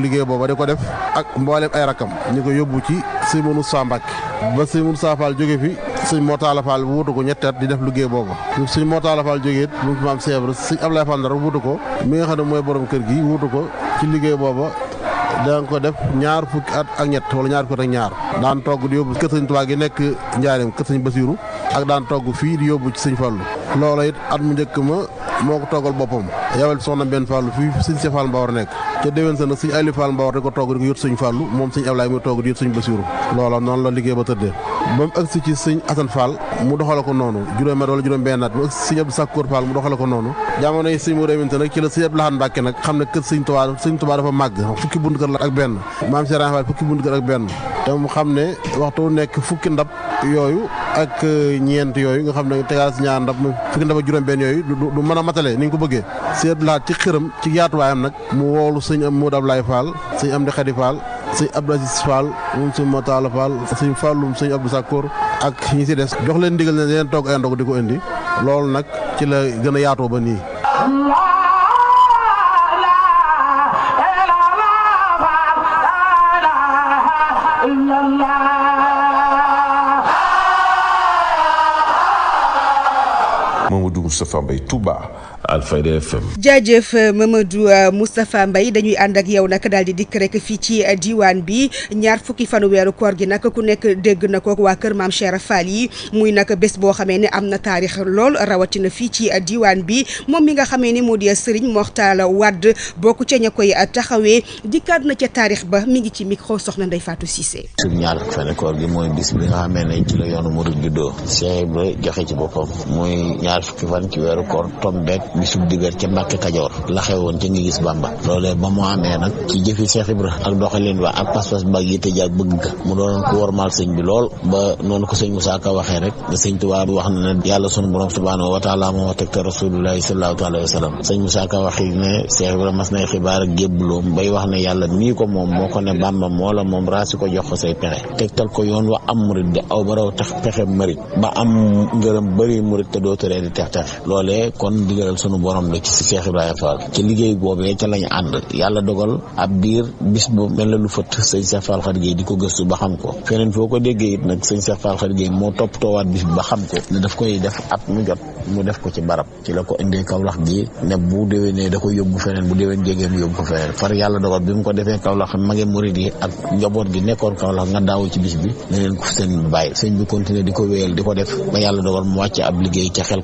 liggéey booba di ko def ak mboolem ay rakam ñu ko yóbbu ci sëñ Moussa Mbacke ba sëñ Moussa Fall jóge fi sëñ Mortala Fall wutu ko ñetteet di def liggéey booba sëñ moo Fall jógee mu maam Seera sëñ Ablaye Fall dara wutu ko mi nga xam ne mooy borom kër gi wutu ko ci liggéey booba danga ko def ñaar fukki at ak ñett wala ñaar fukki at ñaar daan togg di yóbbu kër sëñ Tuubaa gi nekk njaareem kër sëñ Basiiru ak daan togg fii yóbbu ci sëñ Fallu loola it at mu njëkk ma moo ko toggal boppam yawel soxna benn fàllu fii sëñ si Fall Mbawar nekk te déwén sa nag sëñ Ali Fall Mbawar di ko togg di ko yót sëñ fàllu moom sëñ Ablaay muy togg di yót sëñ Basiiru loola noonu la liggéey ba tëddee ba mu si ci sëñ Assane Fall mu doxale ko noonu juróom at wala juróom benn at mu agsi sëñ Abdou Sakkour Fall mu doxale ko noonu jamono yi sëñ mu réewante nag ci la sëñ Abdou Lahad Mbàkke nag xam ne kër sëñ Tuubaa sëñ Tuubaa dafa màgg fukki bunt kër la ak benn maam Cheikh Rahane Fall fukki bunt kër ak benn te mu xam ne waxtu nekk fukki ndab yooyu ak euh, ñeent yooyu nga xam ne tegaal si ñaar ndab fukki ndab ak juróom benn yooyu du mën a matale ni nga ko bëggee sëñ Abdou Lahad ci xëram ci yaatuwaayam nag mu woolu sëñ am Modou Ablaye Fall sëñ Amdi Khady Fall sëñ Abdou Aziz Fall moom sëñ Matala Fall sëñ suñ sëñ Abdou Sakkoor ak ñi si des jox leen ndigal ne leen togg ay ndog di ko indi loolu nag ci la gën a yaatoo ba nii. Mamadou Moustapha Mbaye Touba Alfayda FM. jaajëf Mamadou euh, Moustapha Mbaye dañuy ànd ak yow nag daal di dikk rekk fii ci euh, diwaan bi ñaar fukki fanu weeru koor gi nag ku nekk dégg na ko waa kër maam Cheikh Fall yi muy nag bés boo xamee ni am na taarix lool rawatina fii ci euh, diwaan bi moom mi nga xamee ni moo di Serigne Mokhtar Wade bokk ca ña koy taxawee dikkaat na ca taarix ba mi ngi ci micro soxna Ndeye Fatou Cissé. suñu ñaar fukki fanu koor gi muy ñaar fukki fan ci weeru koor tombeek bisub ca Mbàkke Kajoor la ca ngi gis Bàmba loolee ba mu amee nag ci jëfi Cheikh ak doxalin wa ak pas-pas ba yitte ja ak bëgg mu doonoon ko wormaal sëñ bi lool ba noonu ko sëñ Moussa Ka waxee rek ne yàlla wa wa sallam sëñ Moussa Ka wax ne Cheikh Ibra mas nay xibaar ak gébbaloom bay wax ne yàlla mii ko moom moo ko ne Bàmba moo la moom raasi ko jox ko say pexe tegtal ko yoon wa am murit di aw ba raw pexe mërit ba am ngërëm bëri murit te doo tëree tex tex loolee kon digalal sunu borom la ci si Cheikh Ibrahima Fall ci liggéey boobee ca lañu ànd yàlla dogal ab diir bis ba mel na lu fët sëñ Cheikh Fall Khady Gueye di ko gëstu ba xam ko feneen foo ko déggee it nag sëñ Cheikh Fall Khady moo topp toowaat bis ba xam ko daf koy def at mu jot mu def ko ci barab ci la ko indee Kaolack gi ne bu déwénee da ko yóbbu feneen bu déwén jegee mu yóbbu ko feneen far bi ko defee Kaolack mage murid yi ak njaboot gi nekkoon Kaolack nga daaw ci bis bi ne leen ko sëñ bi di ko di ko def ba yàlla dogal mu wàcc ab liggéey ca xel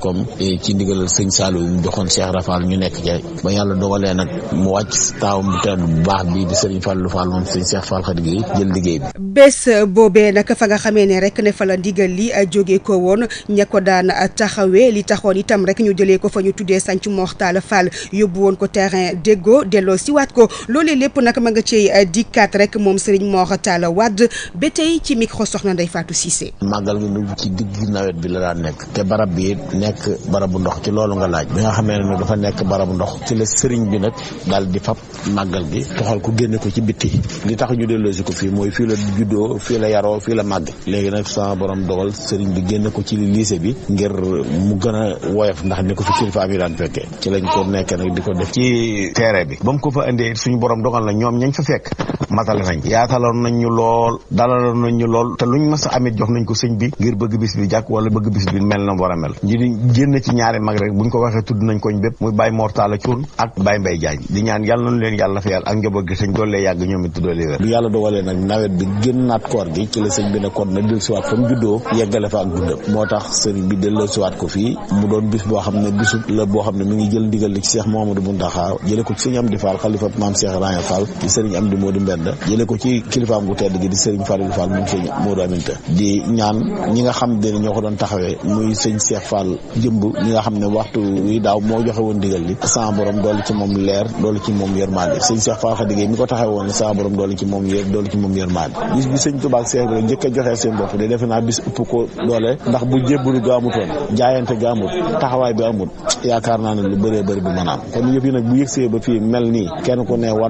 joxoon ñu nekk ca ba yàlla dogalee nag mu wàcc taawam bu tedd bu baax bi di Serigne Fallou Fall moom Serigne Cheikh Fall liggéey bi. bés boobee nag fa nga xamee ne rek ne fa la ndigal li jóge ko woon ña ko a taxawee li taxoon itam rek ñu jëlee ko fa ñu tuddee Santhie Mor Talla Fall yóbbu woon ko terrain déggoo delloo siwaat ko loolee lépp nag ma nga cey dikkaat rek moom Serigne Mor Talla Wade ba tey ci micro soxna Ndeye Fatou Cissé. màggal gi ci digg nawet bi la daan nekk te barab bi nekk barabu ndox xamee ne dafa nekk barabu ndox ci la sëriñ bi nag daal di fab màggal gi toxal ko génne ko ci bitti li tax ñu delloosi ko fii mooy fii la juddoo fii la yaroo fii la màgg léegi nag sama borom dogal sëriñ bi génne ko ci lycée bi ngir mu gën a woyof ndax ni ko fi kilifa bi daan fekkee ci lañ ko nekk nag di ko def ci terrain bi ba mu ko fa indee suñu borom dogal na ñoom ñañ fa fekk matale nañ yaataloon nañ ñu lool dalaloon nañ lool te luñ mës a amit jox nañ ko sëñ bi ngir bëgg bi jàkk wala bëgg bi mel a mel nañ koñ bépp muy Baye Mortala Cuun ak Baye Mbay Jaañ di ñaan yàlla nañ leen yàlla fa yàlla ak njaboot gi sëñ doolee yàgg ñoom it doolee wér bu yàlla dogalee nag nawet bi génnaat koor gi ci la sëñ bi ne kon na dil siwaat fa mu juddoo yeggale fa ak dundam moo tax sëriñ bi delloo siwaat ko fii mu doon bis boo xam ne bisu la boo xam ne mi ngi jël ndigal li ci Cheikh Mouhamadou Mountakha jële ko ci sëñ Amdi Fall xalifa maam Cheikh Raya Fall di sëriñ Amdi Modou Mbenda jële ko ci kilifaam gu tedd gi di sëriñ Fallou Fall moom sëñ Modou Aminta di ñaan ñi nga xam ne ñoo ko doon taxawee muy sëñ Cheikh Fall jëmb ñi nga xam ne waxtu wi daaw Mbaaw moo joxe woon digal li sama borom doolu ci moom leer doolu ci moom yërmande sëñ Cheikh Fall Khady Gueye mi ko taxaw woon sama borom doolu ci moom yéer doolu ci moom bis bi sëñ Touba ak Cheikh Ibrahima njëkk a joxe seen bopp de defe naa bis ëpp ko doole ndax bu jébbalu ga amutoon jaayante ga amut taxawaay bi amut yaakaar naa ne lu bëree bëri bi manaam kon yëf nag bu yëgsee ba fii mel nii kenn ku loo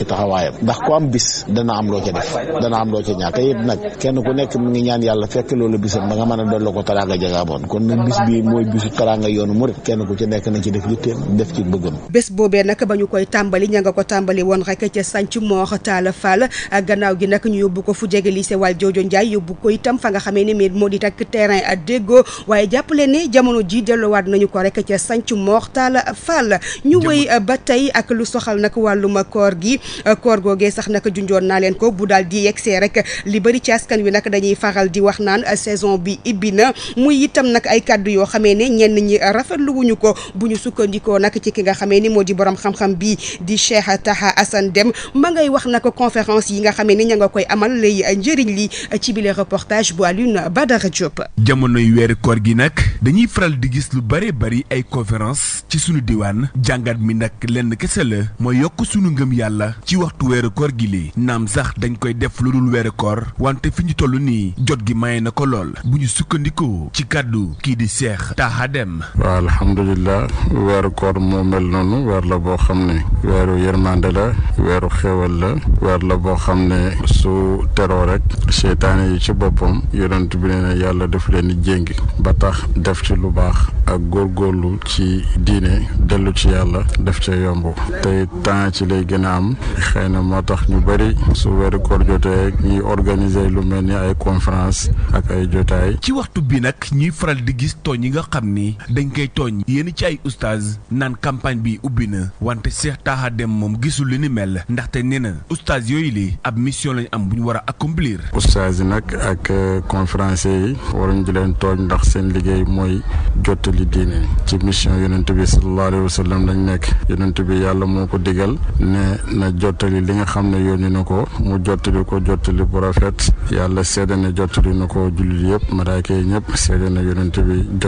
ca def dana am loo ca ñàkk yëpp nag kenn ku nekk mi ngi ñaan yàlla fekk loolu bisam ba nga mën a dollu ko taraanga jagaaboon kon nag bis bi ni mooy bisu teraanga yoonu murit kenn ku ci nekk nañ ci def yitteem def ci bëggam bés boobee nag ba ñu koy tàmbali ña nga ko tàmbali woon rek ca sànc Mor Talla Fall gannaaw gi nag ñu yóbbu ko fu jege lycée Valdiodio Ndiaye yóbbu ko itam fa nga xamee ne moo di takk terrain à déggoo waaye jàppale ne jamono ji delluwaat nañu ko rek ca sànc Mor Talla Fall ñu wéy uh, ba tey ak lu soxal nag wàllum koor gi uh, koor googee sax nag junjoon naa leen ko bu daal di yegsee rek li bari ci askan wi nag dañuy faral di wax naan uh, saison bi ibbi na muy itam nag ay kàddu yoo xamee ne ñenn ñi rafetlu wuñu ko bu ñu sukkandikoo nag ci ki nga xamee ni moo di borom xam-xam bii di Cheikh Taha Assane Deme ma ngay wax nag conférence yi nga xamee ni ña nga koy amal lay njëriñ li ci bile reportage bu Alioune Badara Diop. jamonoy weeru koor gi nag dañuy faral di gis lu bëree bëri ay conférence ci sunu diwaan jàngat mi nag lenn kese la mooy yokk sunu ngëm yàlla ci waxtu weeru koor gi lii naam sax dañ koy def lu dul weeru wante fi ñu toll nii jot gi maye na ko lool bu ñu sukkandikoo ci kàddu kii di Cheikh Cheikh Taha Deme. waaw alhamdulilah weeru koor moo mel noonu weer la boo xam ne weeru yërmande la weeru xéwal la weer la boo xam ne su teroo rek seytaane yi ci boppam yonent bi nee na yàlla def leen di jéngi ba tax def ci lu baax ak góorgóorlu ci diine dellu ci yàlla def ca yomb te temps ci lay gën am xëy na moo tax ñu bëri su weeru koor jotee ñuy organiser lu mel ni ay conférence ak ay jotaay. ci waxtu bi nag ñuy faral di gis tooñ tooñ nga xam ni dañ koy tooñ yéen ci ay oustaz naan campagne bi ubbi na wante Cheikh Taha dem moom gisul li ni mel ndaxte nee na oustaz yooyu li ab mission lañ am bu ñu war a accomplir. oustaz nag ak euh, conférencier yi waruñ di leen tooñ ndax seen liggéey mooy jottali diine ci mission yonent bi sallallahu alayhi wa nekk yonent bi yàlla moo ko digal ne na jottali li nga xam ne yónni ne ko mu jottali ko jottali bu rafet yàlla seede na jottali na ko jullit yëpp malaaka ñëpp seede na yonent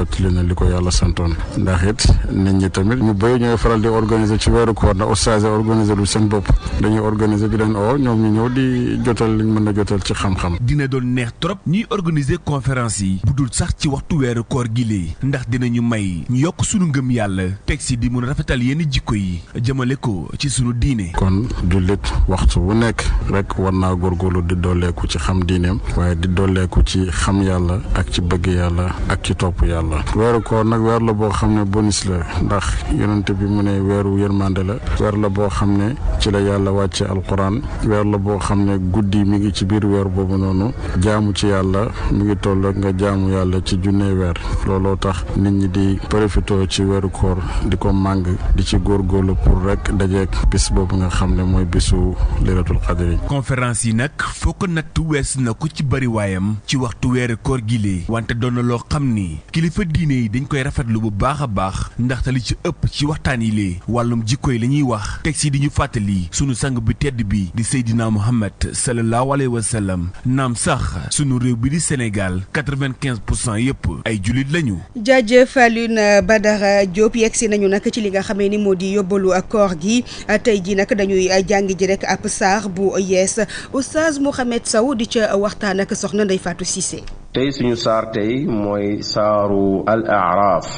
sotti li na li ko yàlla santoon ndax it nit ñi tamit ñu bëri ñooy faral di organiser ci weeru koor na ustaase organiser lu seen bopp dañuy organiser di leen oo ñoom ñu ñëw di jotal liñ mën a jotal ci xam-xam dina doon neex trop ñuy organiser conférence yi bu dul sax ci waxtu weeru koor gi lee ndax dinañu may ñu yokk sunu ngëm yàlla teg si di mun rafetal yenn jikko yi jëmale ko ci sunu diine kon jullit waxtu wu nekk rek war naa góorgóorlu di dooleeku ci xam diineem waaye di dooleeku ci xam yàlla ak ci bëgg yàlla ak ci topp yàlla allah weeru koor nag weer la boo xam ne bonus la ndax yonente bi mu ne weeru yërmande la weer la boo xam ne ci la yàlla wàcce alquran weer la boo xam ne guddi mi ngi ci biir weer boobu noonu jaamu ci yàlla mu ngi toll nga jaamu yàlla ci junne weer looloo tax nit ñi di profité ci weeru koor di ko màng di ci góor góorgóorlu pour rek dajeeg bis boobu nga xam ne mooy bisu liratul qadri yi nag foo ko nattu na ko ci bariwaayam ci waxtu weeru koor gi kilifa diine yi dañ koy rafetlu bu baax a baax ndaxte li ci ëpp ci waxtaan yi lee wàllum jikko yi la ñuy wax teg si di ñu fàttali suñu sang bi tedd bi di Seydina Muhammad sallallahu alayhi wa sallam naam sax sunu réew bi di Sénégal quatre vingt pour cent yëpp ay jullit lañu. jaajëf Alioune Badara Diop yegsi nañu nag ci li nga xamee ni moo di yóbbalu koor gi tey jii nag dañuy jàngi ji rek ab saar bu yees oustaz Mouhamed saw di ca waxtaan ak soxna Ndeye Fatou Cissé. tey suñu saar tey mooy saaru al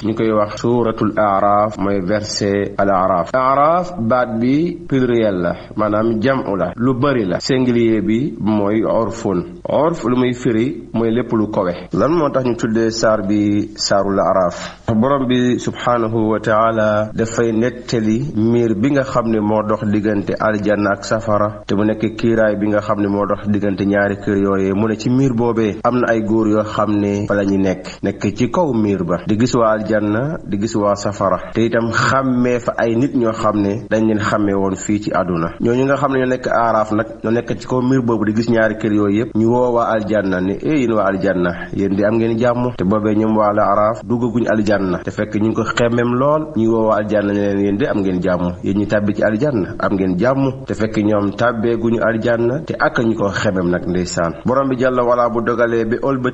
ñu koy wax suuratul araaf mooy verset al araaf araaf baat bi pluriel la maanaam jamu la lu bari la singulier bi mooy orfun orf lu muy firi mooy lépp lu kowe lan moo tax ñu tuddee saar bi saarul araaf borom bi subhaanahu wa taala dafay nettali miir bi nga xam ne moo dox diggante aljanna ak safara te mu nekk kiiraay bi nga xam ne moo dox diggante ñaari kër yooyee mu ne ci miir boobee am na ay góor góor yoo xam ne fa la ñu nekk nekk ci kaw miir ba di gis waa na di gis waa safara te itam xàmmee fa ay nit ñoo xam ne dañ leen xàmmee woon fii ci àdduna ñoo ñu nga xam ne ñoo nekk aaraaf nag ñoo nekk ci kaw miir boobu di gis ñaari kër yooyu yëpp ñu woo waa aljanna ne eh yéen waa na yéen di am ngeen jàmm te boobee ñoom waa la araaf duggaguñ aljanna te fekk ñu ngi ko xemmem lool ñu woo waa aljanna ne leen yéen de am ngeen jàmm yéen ñu tàbbi ci na am ngeen jàmm te fekk ñoom tàbbeeguñu aljanna te ak ñu ko xemmem nag ndeysaan borom bi jàlla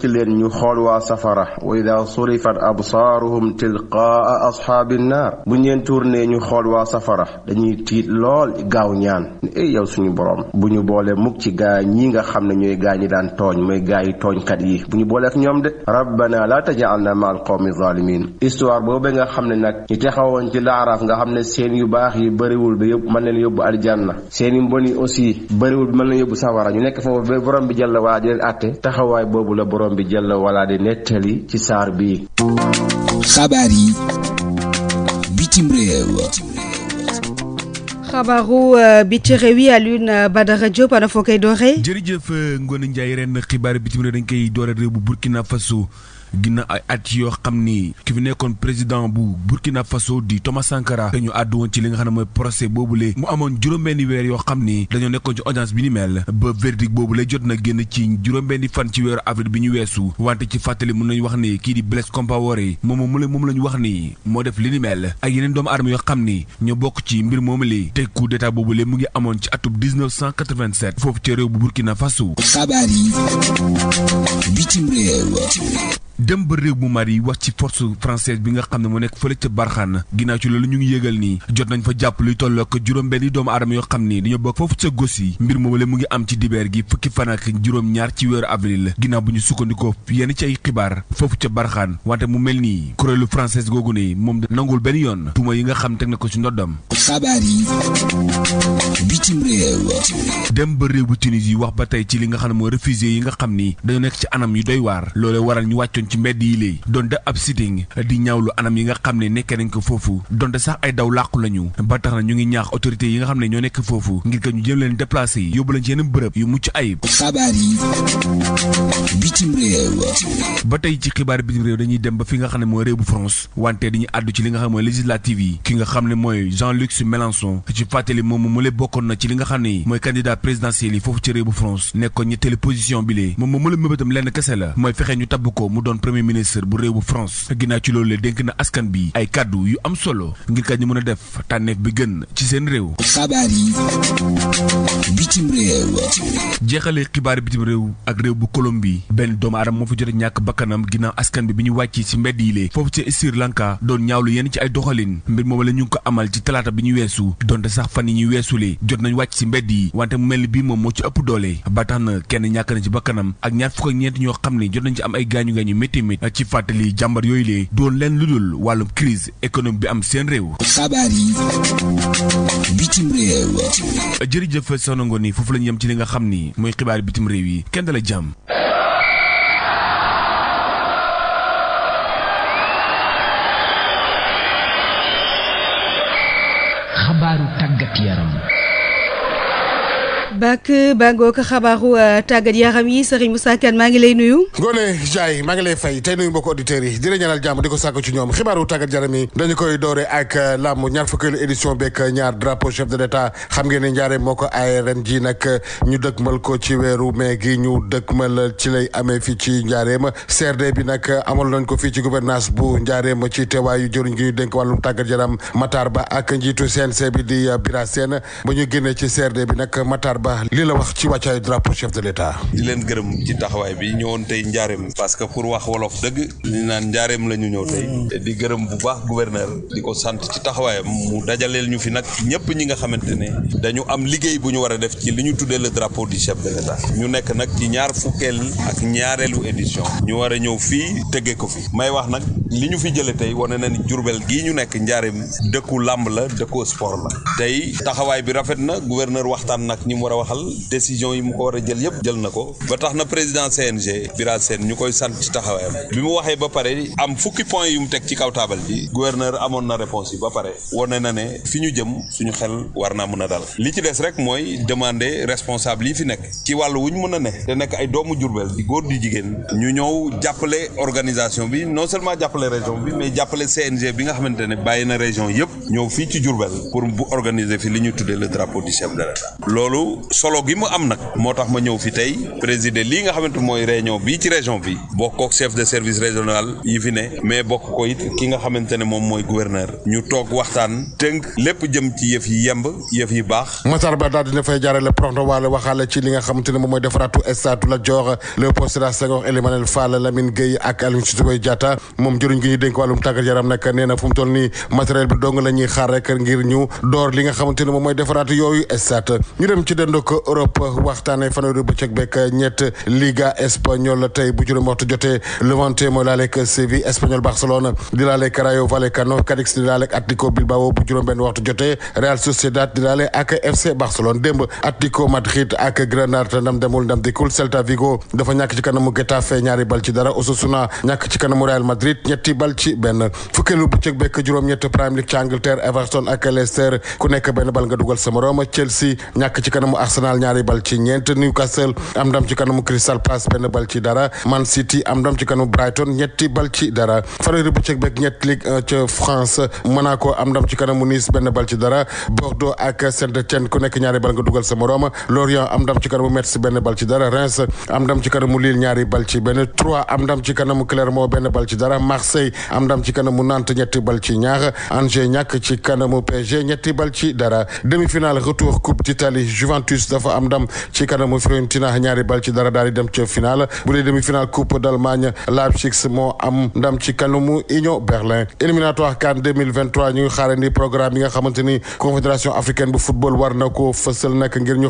ci leen ñu xool waa safara wa ida surifat absaaruhum tilqaa ashaabi naar buñ leen tourné ñu xool waa safara dañuy tiit lool gaaw ñaan ne ey yow suñu borom bu ñu boole mukk ci gaa ñi nga xam ne ñooy gaa ñi daan tooñ mooy gaa yi kat yi bu ñu boole ak ñoom de rabbana la tajalna ma al qawmi zalimin histoire boobu nga xam ne nag ñi taxawoon ci laaraaf nga xam ne seen yu baax yi bëriwul ba yëpp mën leen yóbbu na seen yu mbon yi aussi bëriwul bi mën leen yóbbu safara ñu nekk foofu ba bi jàll waa taxawaay boobu la borom bi jàll wala di nettali ci saar bi xabaar yi bitim réew xabaaru euh, biti réew yi Alioune euh, Badara Diop ana foo koy dooree jërëjëf euh, Ngoné Ndiaye ren xibaar bitim réew dañ koy doore réew bu Burkina Faso ginnaaw ay at yoo xam ni ki fi nekkoon président bu Burkina Faso di Thomas Sankara dañu àddu woon ci li nga xam ne mooy procès boobule mu amoon juróom-benni weer yoo xam ni dañoo nekkoon ci audience bi ni mel ba verdict boobule jot na génn ci juróom-benni fan ci weeru avril bi ñu weesu wante ci fàttali mën nañu wax ni kii di Blaise Compaoré moom mu moom la ñu wax ni moo def li ni mel ak yeneen doomu aadama yoo xam ni ñoo bokk ci mbir moomu ngi amoon ci atub 1987 foofu ca réew bu Burkina Faso. xabaar yi bitim réew. dem ba réew mu Mali wax ci force française bi nga xam ne moo nekk fële ca Barkhane ginnaaw ci loolu ñu ngi yëgal nii jot nañ fa jàpp luy tolloo ak juróom-benn yi doomu aadama yoo xam ni dañoo bokk foofu ca Gossi mbir moomale mu ngi am ci dibeer gi fukki fan ak juróom-ñaar ci weeru avril ginnaaw bu ñu sukkandikoo yenn ci ay xibaar foofu ca Barkhane wante mu mel nii kuréelu française googu ne moom nangul benn yoon tuuma yi nga xam teg na ko ci ndoddam xabaar yi dem ba réew bu Tunisie wax ba tey ci li nga xam ne moo réfugié yi nga xam ni dañoo nekk yu doy waar ci mbedd yi léegi donte ab sitting di ñaawlu anam yi nga xam ne nekkee nañ ko foofu donte sax ay daw làqu lañu ba tax na ñu ngi ñaax autorité yi nga xam ne ñoo nekk foofu ngir que ñu jëm leen déplacé yi yóbbu leen ci yeneen bërëb yu mucc ayib. xabaar yi bitim réew. ba tey ci xibaar bitim réew dañuy dem ba fi nga xam ne mooy réew bu France wante dañuy àddu ci li nga xam ne mooy législative yi ki nga xam ne mooy Jean-Luc Mélenchon ci fàttali moom mu la bokkoon na ci li nga xam lenn kese la mooy fexe ñu ko mu premier ministre bu réew bu France ginnaaw ci loolu la dénk na askan bi ay kàddu yu am solo ngir kat mën a def tànneef bi gën ci seen réew. xabaar yi bitim réew. jeexale xibaar bitim réew ak réew bu Colombie benn doomu aadama moo fa jot a ñàkk bakkanam ginnaaw askan bi bi ñu wàcc ci mbedd yi lee foofu ci Sri Lanka doon ñaawlu yenn ci ay doxalin mbir moom la ñu ngi ko amal ci talaata bi ñu weesu donte sax fan yi ñuy weesulee jot nañ wàcc ci mbedd yi wante mu mel ni bii moom moo ci ëpp doole ba tax na kenn ñàkk na ci bakkanam ak ñaar fukk ak ñeent ñoo xam ne jot nañ ci am ay gaañu gaañu tamit ci fàttali jàmbar yooyu lee doon leen lu dul wàllum crise économique bi am seen réew. xabaar yi bitim réew. jërëjëf ngoon yi foofu la ñu yem ci li nga xam ni mooy xibaar bitim réew yi kenn dala jàmm. ngoo bàngook xabaaru uh, tàggat yaram yi Serigne Moussa Kane maa ngi lay nuyu Ngoné Ndiaye maa ngi lay fay tey nuyu mbokk auditeurs yi di leen ñaanal jàmm di ko sàkk ci ñoom xibaaru tàggat yaram yi dañu koy doore ak uh, làmb ñaar fukkeelu édition beeg ñaar drapeau chef de l'état xam ngeen ne njaare moo ko ay ren ji nag ñu dëkkmal ko ci weeru mai gi ñu dëkkmal ci lay amee fii ci njaareema CRD bi nag amal nañ ko fii ci gouvernance bu njaareema ci teewaayu jëriñ gi dénk wàllum tàggat yaram Matar Ba ak njiitu CNC bi di uh, Bira Sène ba ñu génnee ci CRD bi nag Matar Ba Ba lii la wax ci wàccaayu drapeau chef de l'État di leen gërëm ci taxawaay bi ñëwoon tey njaareem parce que pour wax wolof dëgg li naan njaareem la ñu ñëw tey mm. di gërëm bu baax gouverneur di ko sant ci taxawaayam mu dajaleel ñu fi nag ñëpp ñi nga xamante ne dañu am liggéey bu ñu war a def ci li ñu tuddee le drapeau du chef de l'État ñu nekk nag ci ñaar fukkeel ak ñaareelu édition ñu war a ñëw fii tëggee ko fi may wax nag li ñu fi jëlee tey wane na ni Jurbel gii ñu nekk njaareem dëkku làmb la dëkku la waxal décision yi mu ko war a jël yëpp jël na ko ba tax na président CNG Birage Sène ñu koy sant ci taxawaayam bi mu waxee ba pare am fukki point yu mu teg ci kaw taabal bi gouverneur amoon na réponse yi ba pare wane na ne fi ñu jëm suñu xel war naa mën a dal li ci des rek mooy demande responsable yi fi nekk ci wàllu wuñ mën a ne te nekk ay doomu Jurbel di góor di jigéen ñu ñëw jàppale organisation bi non seulement jàppale région bi mais jàppale CNG bi nga xamante ne bàyyi na région yëpp ñëw fii ci Jurbel pour bu organiser li ñu tuddee le drapeau du chef de solo gi mu am nag moo tax ma ñëw fi tey présider lii nga xamante mooy réunion bii ci région bi bokkook chef de service régional yi fi ne mais bokk ko it ki nga xamante ne moom mooy gouverneur ñu toog waxtaan tënk lépp jëm ci yëf yi yemb yëf yi Ba daal dina fay jaarale proxmo waale waxaale ci li nga xamante ne moom mooy defaraatu stade Lat Dior Léopold Sédar Senghor Elimanel Fall Lamine Gueye ak Aline Sitoé Diatta moom jëriñ gi ñuy dénk wàllum tàggat yaram nag nee na fu mu toll nii matériel bi dong la ñuy xaar rek ngir ñu door li nga xamante ne moom mooy defaraatu yooyu stade ñu dem ci dëndoo Coupe Europe waxtaanee fanweeri bëccëg beeg ñett Liga Espagnol tey bu juróom waxtu jotee Levante mooy laaleeg Séville Espagnol Barcelone di laaleeg Rayo Vallecano Cadix di laaleeg Atlético Bilbao bu juróom benn waxtu jotee Real Sociedad di laaleeg ak FC Barcelone démb Atlético Madrid ak Granada ndam demul ndam dikkul Celta Vigo dafa ñàkk ci kanamu Getafe ñaari bal ci dara Osasuna ñàkk ci kanamu Real Madrid ñetti bal ci benn fukkeelu bëccëg beeg ci Angleterre Everton ku nekk benn bal nga Arsenal ñaari bal ci ñeent Newcastle am ndam ci kanamu Crystal Palace benn bal ci dara Man City am ndam ci kanamu Brighton ñetti bal ci dara fanweeri bëccëg beeg ñett Ligue 1 ca France Monaco am ndam ci kanamu Nice benn bal ci dara Bordeaux ak Saint-Étienne ku nekk ñaari bal nga dugal sa morom Lorient am ndam ci kanamu Metz benn bal ci dara Reims am ndam ci kanamu Lille ñaari bal ci benn Troyes am ndam ci kanamu Clermont benn bal ci dara Marseille am ndam ci kanamu Nantes ñetti bal ci ñaar Juventus dafa am ndam ci kanamu Fiorentina ñaari bal ci dara daal di dem ca final bu dee demi final Coupe d'Allemagne Leipzig moo am ndam ci kanamu Union Berlin éliminatoire CAN 2023 ñu ngi programme yi nga xamante Confédération africaine bu football war ko fësal nag ngir ñu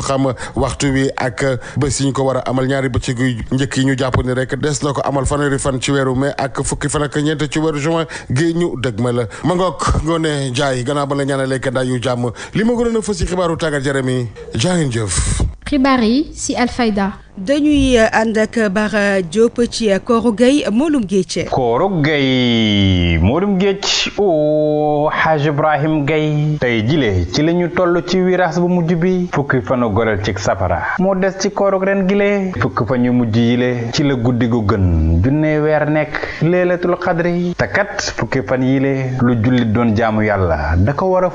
a jàpp ni rek des na ko amal fanweeri fan ci weeru mai ak fukki fan ñeent ci weeru juin gi ñu dëgmal la ma ngoog Ngoné gannaaw ba la ñaanalee kandaay yu jàmm li ma a jëf. xibaar yi ci Alfayda. dañuy euh, ànd ak Bara Diop ci euh, kooru gay moolum géej kooru gay moolum géej o xaaj Ibrahim gay tey jile ci la ñu toll ci wiraas bu mujj bi fukki fanu goreel ci safara moo des ci kooru ren gile fukki fan yu mujj yile ci la guddi gu gën junne weer nekk leelatul xadri te kat fukki fan yile lu jullit doon jaamu yàlla da ko war a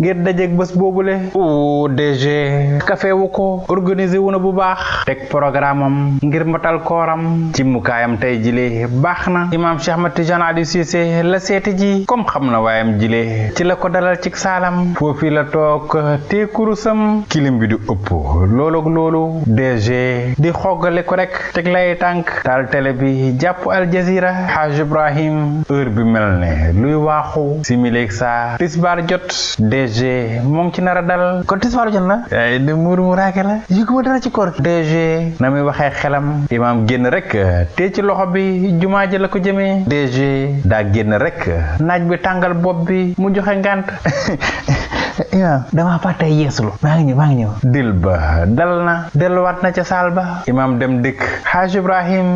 ngir dajeeg bés boobule o DG kafewu ko organiser na bu baax programme am ngir mbatal kooram ci mukaayam tey jile baax na imaam Cheikh Ahmed Tidiane Aliou Cissé la seeti ji comme xam na waayam jile ci la ko dalal ci saalam foofi la toog te kurusam kilim bi du ëpp loolu ak loolu DG di xoggale ko rek teg lay tànk taal tele bi jàpp Al Jazeera Haj Ibrahim heure bi mel ne luy waxu simileeg saa tisbaar jot DG moo ngi ci nar dal kon tisbaar jot na ay de muur la yëgu ma dara ci koor DG na muy waxee xelam imaam génn rek euh, te ci loxo bi jumaa ji la ko jëmee DG daa génn rek naaj bi tàngal bopp bi mu joxe ngànt damaa fàttee yeeslu maa ngi ñëw maa ngi ñëw dil ba dal na delluwaat na ca saal ba imaam dem dikk xaaj ibrahim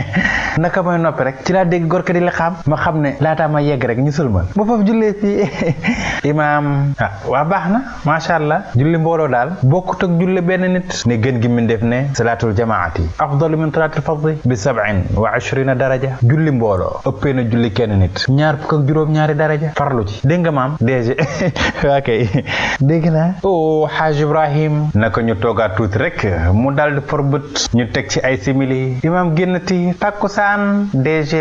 naka may noppi rek ci laa dégg góor di la xam ma xam ne laataa ma yegg rek ñu sulmal ba foofu jullee fi imaam ah waa baax na macha allah julli mbooloo daal bokkut ak julli benn nit ne gën gi min def ne salaatul jamaati afdalu min salaatil fadli bi sab'in wa ashrina daraja julli mbooloo ëppee na julli kenn nit ñaar fukk ak juróom ñaari daraja farlu ci dégg nga dégg naa o oh, xaaj ibrahim naka ñu toogaat tuuti rek mu daldi forbët ñu teg ci ay simili imaam génnati tàkkusaan DG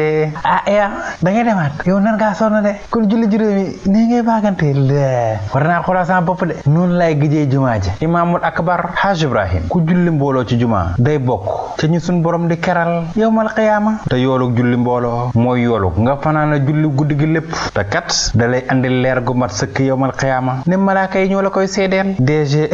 AR ah, da ngay demaat yow nar ngaa sonn de kon julli juróomi nii ngay baagante war naa xoolal sama bopp de noonu lay gijee jumaa ji imaamul akbar xaaj ibrahim ku julli mbooloo ci jumaa day bokk te ñu suñ borom di keral yowmal qiyaama te yoolug julli mbooloo mooy yoolug nga fanaana julli guddi gi lépp te kat dalay indi leer gu mat sëkk même malaaka yi ñoo la koy seedeel DG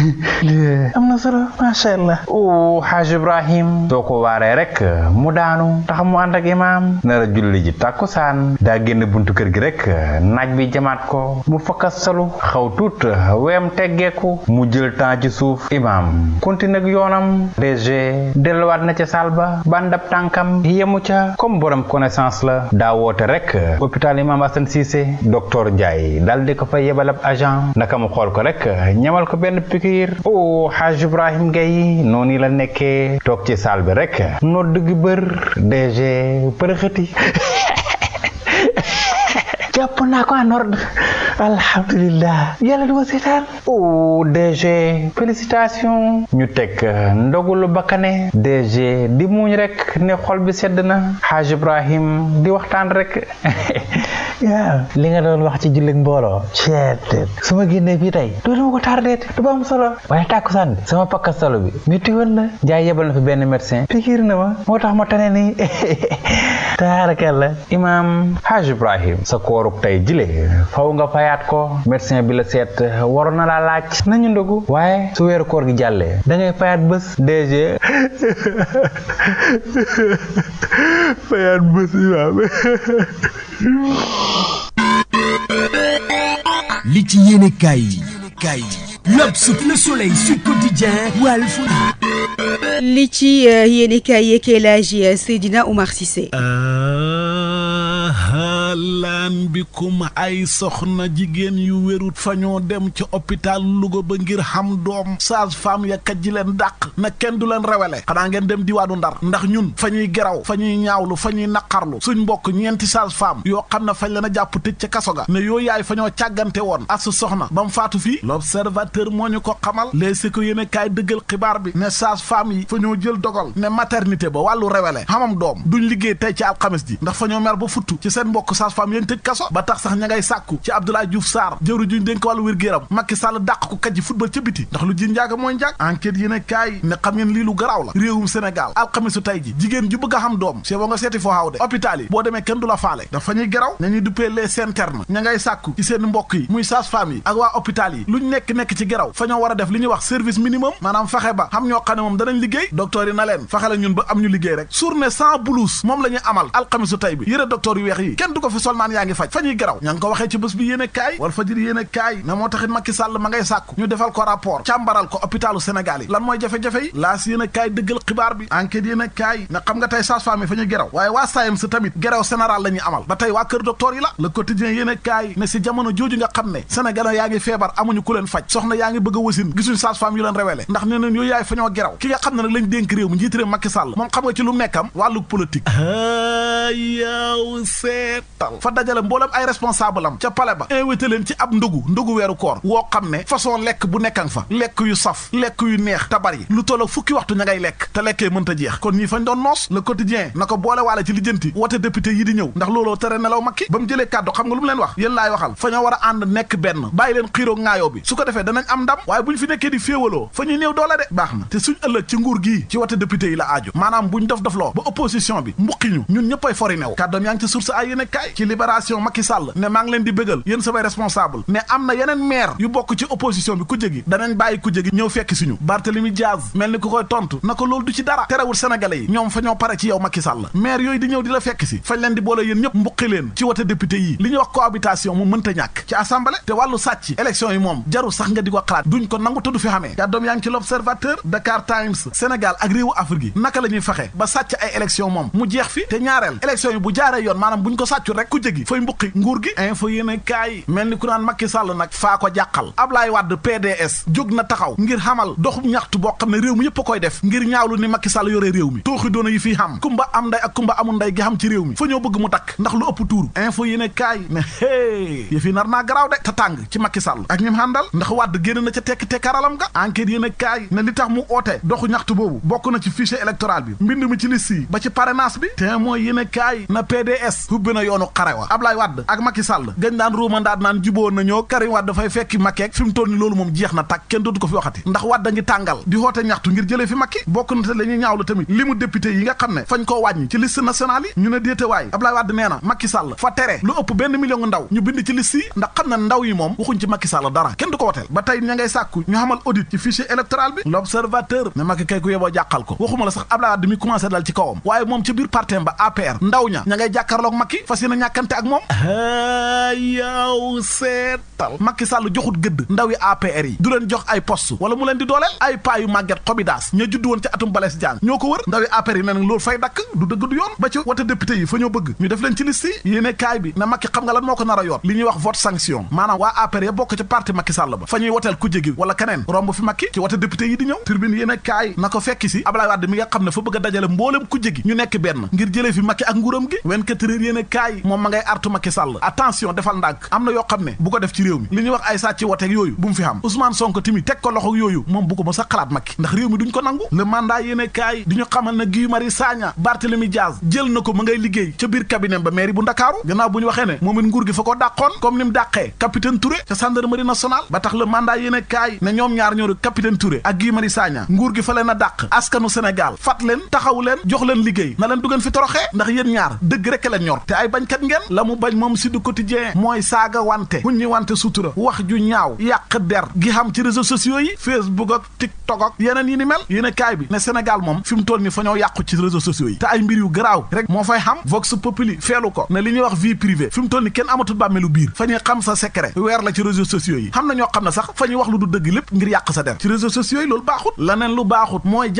am na solo macha allah o xaaj Ibrahim soo ko waaree rek mu daanu tax mu ànd ak imaam nara julli ji tàkkusaan daa génn buntu kër gi rek naaj bi jamaat ko mu fakkas salu xaw tuut weem mu jël temps ci suuf imaam continue ak yoonam DG delluwaat na ca saal ba bandab tànkam yemu ca comme borom connaissance la daa woote rek hôpital imaam Assane Cissé docteur Ndiaye daal di ko fa yebalab agent naka mu xool ko rek ñamal ko benn pikiir o oh, xaaj Ibrahim Gaye noonu la nekkee toog ci saal bi rek noo dëgg bër DG përëxëti jàpp naa ko en ordre alhamdulilah yàlla duma seetaan o DG félicitation ñu teg euh, ndogulu bakkane DG di muñ rek ne xol bi sedd na Haj Ibrahim di waxtaan rek li nga doon wax ci jullit mbooloo ceet su ma génnee fii tey doo dama ko tardeet du ba am solo waaye tàkkusaan bi sama pakka solo bi ñu woon na njaay yebal na fi benn médecin pikiir na ma moo tax ma tane ni taaraka la imaam Haj Ibrahim kooruk tey jile faw nga fayaat ko médecin bi la seet waroon na laa laaj nañu ndogu waaye su weeru koor gi jàllee da li ci yéene kaay yi kaay yi L'Obs, Le ahlan bikum ay soxna jigéen yu wérut fa ñoo dem ci hôpital Louga ba ngir xam doom sage-femme ya kat ji leen dàq na kenn du leen rewele xanaa ngeen dem diwaanu Ndar ndax ñun fa ñuy geraw fa ñuy ñaawlu fa ñuy naqarlu suñ mbokk ñeenti sage-femme yoo xam ne fañ leen a jàpp tëj ca kaso ga ne yoo yaay fa ñoo càggante woon asu soxna ba mu faatu fii l'observateur moo ñu ko xamal les si ko yéene kaay dëggal xibaar bi ne sage-femme yi fa ñoo jël dogal ne maternité ba wàllu rewele xamam doom duñ liggéey sage-femme yéen tëj kaso ba tax sax ña ngay sàkku ci Abdoulaye Diouf Sarr jëwri juñ dénk wàllu wér-gu-yaram Macky Sall dàq ko kat ji football ca biti ndax lu ji njaaga mooy njaag enquête yéen a kaay ne xam ngeen lii lu garaaw la réewum Sénégal alxamisu tey ji jigéen ju bëgg a xam doom c'est bon nga seeti foo xaw de hôpital yi boo demee kenn du la faale dafa ñuy garaw ña ñuy duppee les internes ña ngay sàkku ci seen mbokk yi muy sage-femme yi ak waa hôpital yi luñ nekk nekk ci garaw fa ñoo war a def li ñuy wax service minimum maanaam faxe ba xam ñoo xam ne moom danañ liggéey docteur yi na leen faxe la ñun ba am ñu liggéey rek journée sans blouse moom la ñuy amal alxamisu tey bi yëre docteur yu weex yi kenn du ko professeur naan yaa ngi faj fañuy garaw ña ngi ko waxee ci bés bi yéene kaay wal fajir yéene kaay ne moo taxit Macky Sall ma ngay sàkku ñu defal ko rapport càmbaral ko hôpitalu Sénégal lan mooy jafe-jafe yi laas yéene kaay dëggal xibaar bi enquête yéene kaay ne xam nga tey sage-femme yi fa ñuy geraw waaye waa SAEMS si tamit geraw général la ñuy amal ba tey waa kër docteur yi la le quotidien yéene kaay ne si jamono jooju xam ne Sénégal yaa ngi feebar amuñu ku leen faj soxna yaa ngi bëgg a wasin gisuñ sage-femme yu leen rewele ndax ne neen yooyu yaay fa ñoo geraw ki nga xam Sall fa dajale mboolam ay responsable am ca pale ba invité leen ci ab ndugu ndugu weeru koor woo xam ne façon lekk bu nekkan fa lekk yu saf lekk yu neex te bari lu toll fukki waxtu ña ngay lekk te lekkee mënta jeex kon ñii fañ doon noos le quotidien na ko boole waale ci lijjanti wote député yi di ñëw ndax looloo tere nelaw makki ba mu jële kàddu xam nga lu mu leen wax yéen laay waxal fa ñoo war a nekk benn bàyyi leen xiiroo ŋaayoo bi su ko defee danañ am ndam bu fi nekkee di féewaloo fa ñuy néew doole de baax na te suñ ëllëg ci nguur gii ci wote yi la aaju maanaam buñ dof dofloo ba opposition bi mbuqi ñu ñun ñëppay fori new kàddoom yaa ngi ci libération Macky Sall ne maa leen di bëggal yéen samay responsable ne am na yeneen maire yu bokk ci opposition bi ku jégi danañ bàyyi ku jégi ñëw fekk suñu Barthélemy Diaz mel ni ku koy tontu na ko loolu du ci dara terewul sénégalais yi ñoom fa ñoo pare ci yow Macky Sall maire yooyu di ñëw di la fekk fañ leen di boole yéen ñëpp mbuqi leen ci wote député yi li ñuy wax cohabitation mu mënta ñàkk ci assemblée te wàllu sàcc élection yi moom di ko xalaat duñ ko nangu tudd fi xamee yàddoom yaa ngi ci l'observateur Dakar Times Sénégal ak yi la ñuy fexe ba sàcc ay élection moom mu te ñaareel élection yi bu jaaree yoon maanaam buñ ko sàccu rek ku jëgi fay mbuqi nguur gi info yéene kaay mel ni ku naan Macky Sall nag faa ko jàqal Ablaye Wade PDS jóg na taxaw ngir xamal doxub ñaxtu boo xam ne réew mi yëpp koy def ngir ñaawlu ni Macky Sall yore réew mi tooxi doona yi fii kumba am nday ak kumba amul nday gi xam ci réew mi fa ñoo bëgg mu takk ndax lu ëpp tuuru info yéene kaay ne hé yëf nar naa garaaw de te tàng ci Macky Sall ak ñim xàndal ndax Wade génn na ca tekk tekkaaralam ga enquête yéene kaay ne li tax mu oote doxu ñaxtu boobu bokk na ci fichier électoral bi mbind mi ci liste yi ba ci parrainage bi te mooy yéene kaay na PDS hubbi na yoonu jamono xare wa Ablaye Wade ak Macky Sall gañ daan ruumandaat naan jubóo nañoo Karim Wade dafay fekki Macky fi mu toll ni loolu moom jeex na tàkk kenn dootu ko fi waxati ndax Wade ngi tàngal di xoote ñaxtu ngir jëlee fi Macky bokk na te la ñuy ñaawlu tamit li mu yi nga xam ne fañ koo wàññi ci liste nationale ñu ne déete waay Ablaye Wade nee na Macky Sall fa tere lu ëpp benn million ndaw ñu bind ci liste yi ndax xam na ndaw yi moom waxuñ ci Macky Sall a ñàkkante ak moom yaw seetal Macky Sall joxut gëdd ndaw yi APR yi du leen jox ay poste wala mu leen di dooleel ay paa màgget xobi daas ña woon ci atum Blaise ñoo ko wër ndaw yi APR yi ne nag loolu fay dakk du dëgg du yoon ba ci wote député yi fa ñoo bëgg ñu def leen ci liste yi yéene kaay bi na Macky xam nga lan moo ko nar a yoon li ñuy wax vote sanction maanaam waa APR ya bokk ci parti Macky Sall ba fa ñuy woteel ku wala keneen romb fi Macky ci wote député yi di ñëw ko fekk si Abdoulaye Wade xam ne fa bëgg a dajale mboolem ku jégi ñu nekk benn ngir jëlee fi Macky ak nguuram gi 24 heures yéene kaay moom ma ngay artu Macky Sall attention defal ndànk am na yoo xam ne bu ko def ci réew mi li ñuy wax ay sàcc woteeg yooyu bu mu fi xam Ousmane Sonko tamit teg ko loxo yooyu moom bu ko mës a xalaat Macky ndax réew mi duñ ko nangu le mandat yéene kaay di ñu xamal ne Guy Marius Sagna Barthélémy Dias jël na ko ma ngay liggéey ca biir cabinet ba mairie bu Ndakaaru gannaaw bu ñu waxee ne moom it nguur gi fa ko dàqoon comme ni mu dàqee capitaine Touré ca gendarmerie nationale ñaar ñooru capitaine Touré ak Guy Marius a dàq askanu fat leen taxaw leen jox leen liggéey na leen du ngeen fi toroxee ndax yéen ñaar dëgg rek leen ñor te ay jànkat ngeen la mu bañ moom si du quotidien mooy saaga wante huññi wante sutura wax ju ñaaw yàq der gi xam ci réseaux sociaux yi Facebook ak TikTok ak yeneen yi ni mel yéen a kaay bi ne Sénégal moom fi mu ni fa ñoo yàqu ci réseaux sociaux yi te ay mbir garaaw rek moo fay xam Vox Populi feelu ko ne li ñuy wax vie privée fi mu toll ni kenn amatul bàmmeelu biir fa ñuy xam sa secret weer la ci réseaux sociaux yi xam na ñoo xam ne sax fa ñuy wax lu du dëgg lépp ngir yàq sa der ci réseaux sociaux yi loolu baaxut laneen lu baaxut mooy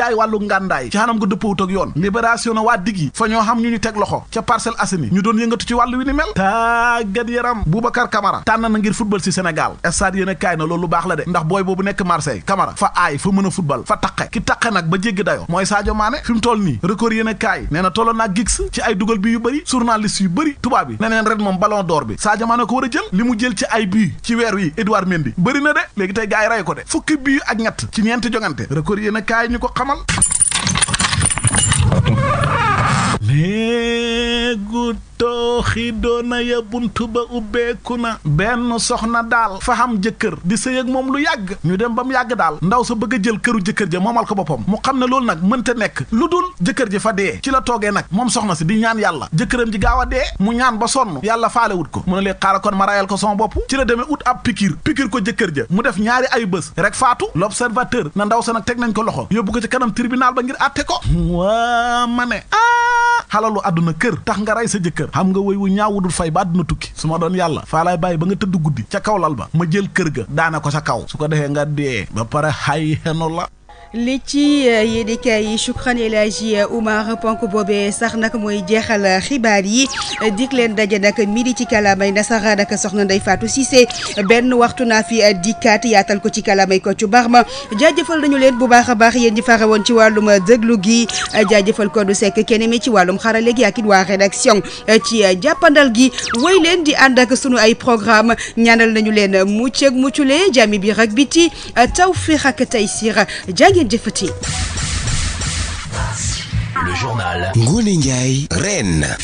yëngatu ci wàllu wi ni mel tàggat yaram Boubacar kamara tànn na ngir football si Sénégal stade yéen kaay na loolu lu baax la de ndax booy boobu nekk Marseille Camara fa aay fa mën a football fa taqe ki taqe nag ba jéggi dayo mooy Sadio Mané fi mu toll nii record yéen a kaay nee na tolloon naa gigs ci ay dugal bi yu bëri journaliste yu bëri tubaab bi ne neen ren moom ballon door bi Sadio Mané ko war a jël li mu jël ci ay bii ci weer wi Edouard Mendy bëri na de léegi tey gars yi ray ko de fukki bii ak ñett ci ñeenti jongante record yéen a kaay ñu ko xamal néegu tooxi doona ya bunt ba ubbeeku na benn soxna daal fa xam jëkkër di sëy ak moom lu yàgg ñu dem ba mu yàgg daal ndaw sa bëgg jël këru jëkkër ja moomal ko boppam mu xam ne loolu nag mënta nekk lu dul jëkkër ja fa dee ci la tooge nag moom soxna si di ñaan yàlla jëkkëram ji gaaw a dee mu ñaan ba sonn yàlla faale wut ko mu ne lee xaaral kon ma ko sama bopp ci la demee ut ab pikir pikir ko jëkkër ja mu def ñaari ay bés rek faatu l'observateur na ndaw sa nag teg nañ ko loxo yóbbu ko ci kanam tribunal ba ngir àtte ko waa ma ne ah xalalu àdduna nga rey sa jëkkër xam nga woy wu ñaaw dul fay ba àdduna tukki su ma doon yàlla faa laay bàyyi ba nga tëdd guddi ca kaw lal ba ma jël kër ga daane ko sa kaw su ko defee nga dee ba pare xay xeno la li ci eh, yéenekaay yi Choukran El Hadji Oumar ponk boobee sax nag mooy jeexal xibaar yi dig leen daje nag midi ci kàllaamay nasaraan ak soxna faatu si Cissé benn waxtu naa fi dikkaat yaatal ko ci kàllaamay ko ci baax ma jaajëfal nañu leen bu baax a baax yéen ñi fare woon ci wàllum déglu gi jaajëfal ko du sekk kenn mi ci wàllum xarale gi ak it waa rédaction ci jàppandal gi woy leen di ànd ak sunu ay programme ñaanal nañu leen mucc ak muccule jàmmi bi rek biti tawfiq ak taysir jàngi jëfati Le journal Ngoné Ndiaye Reine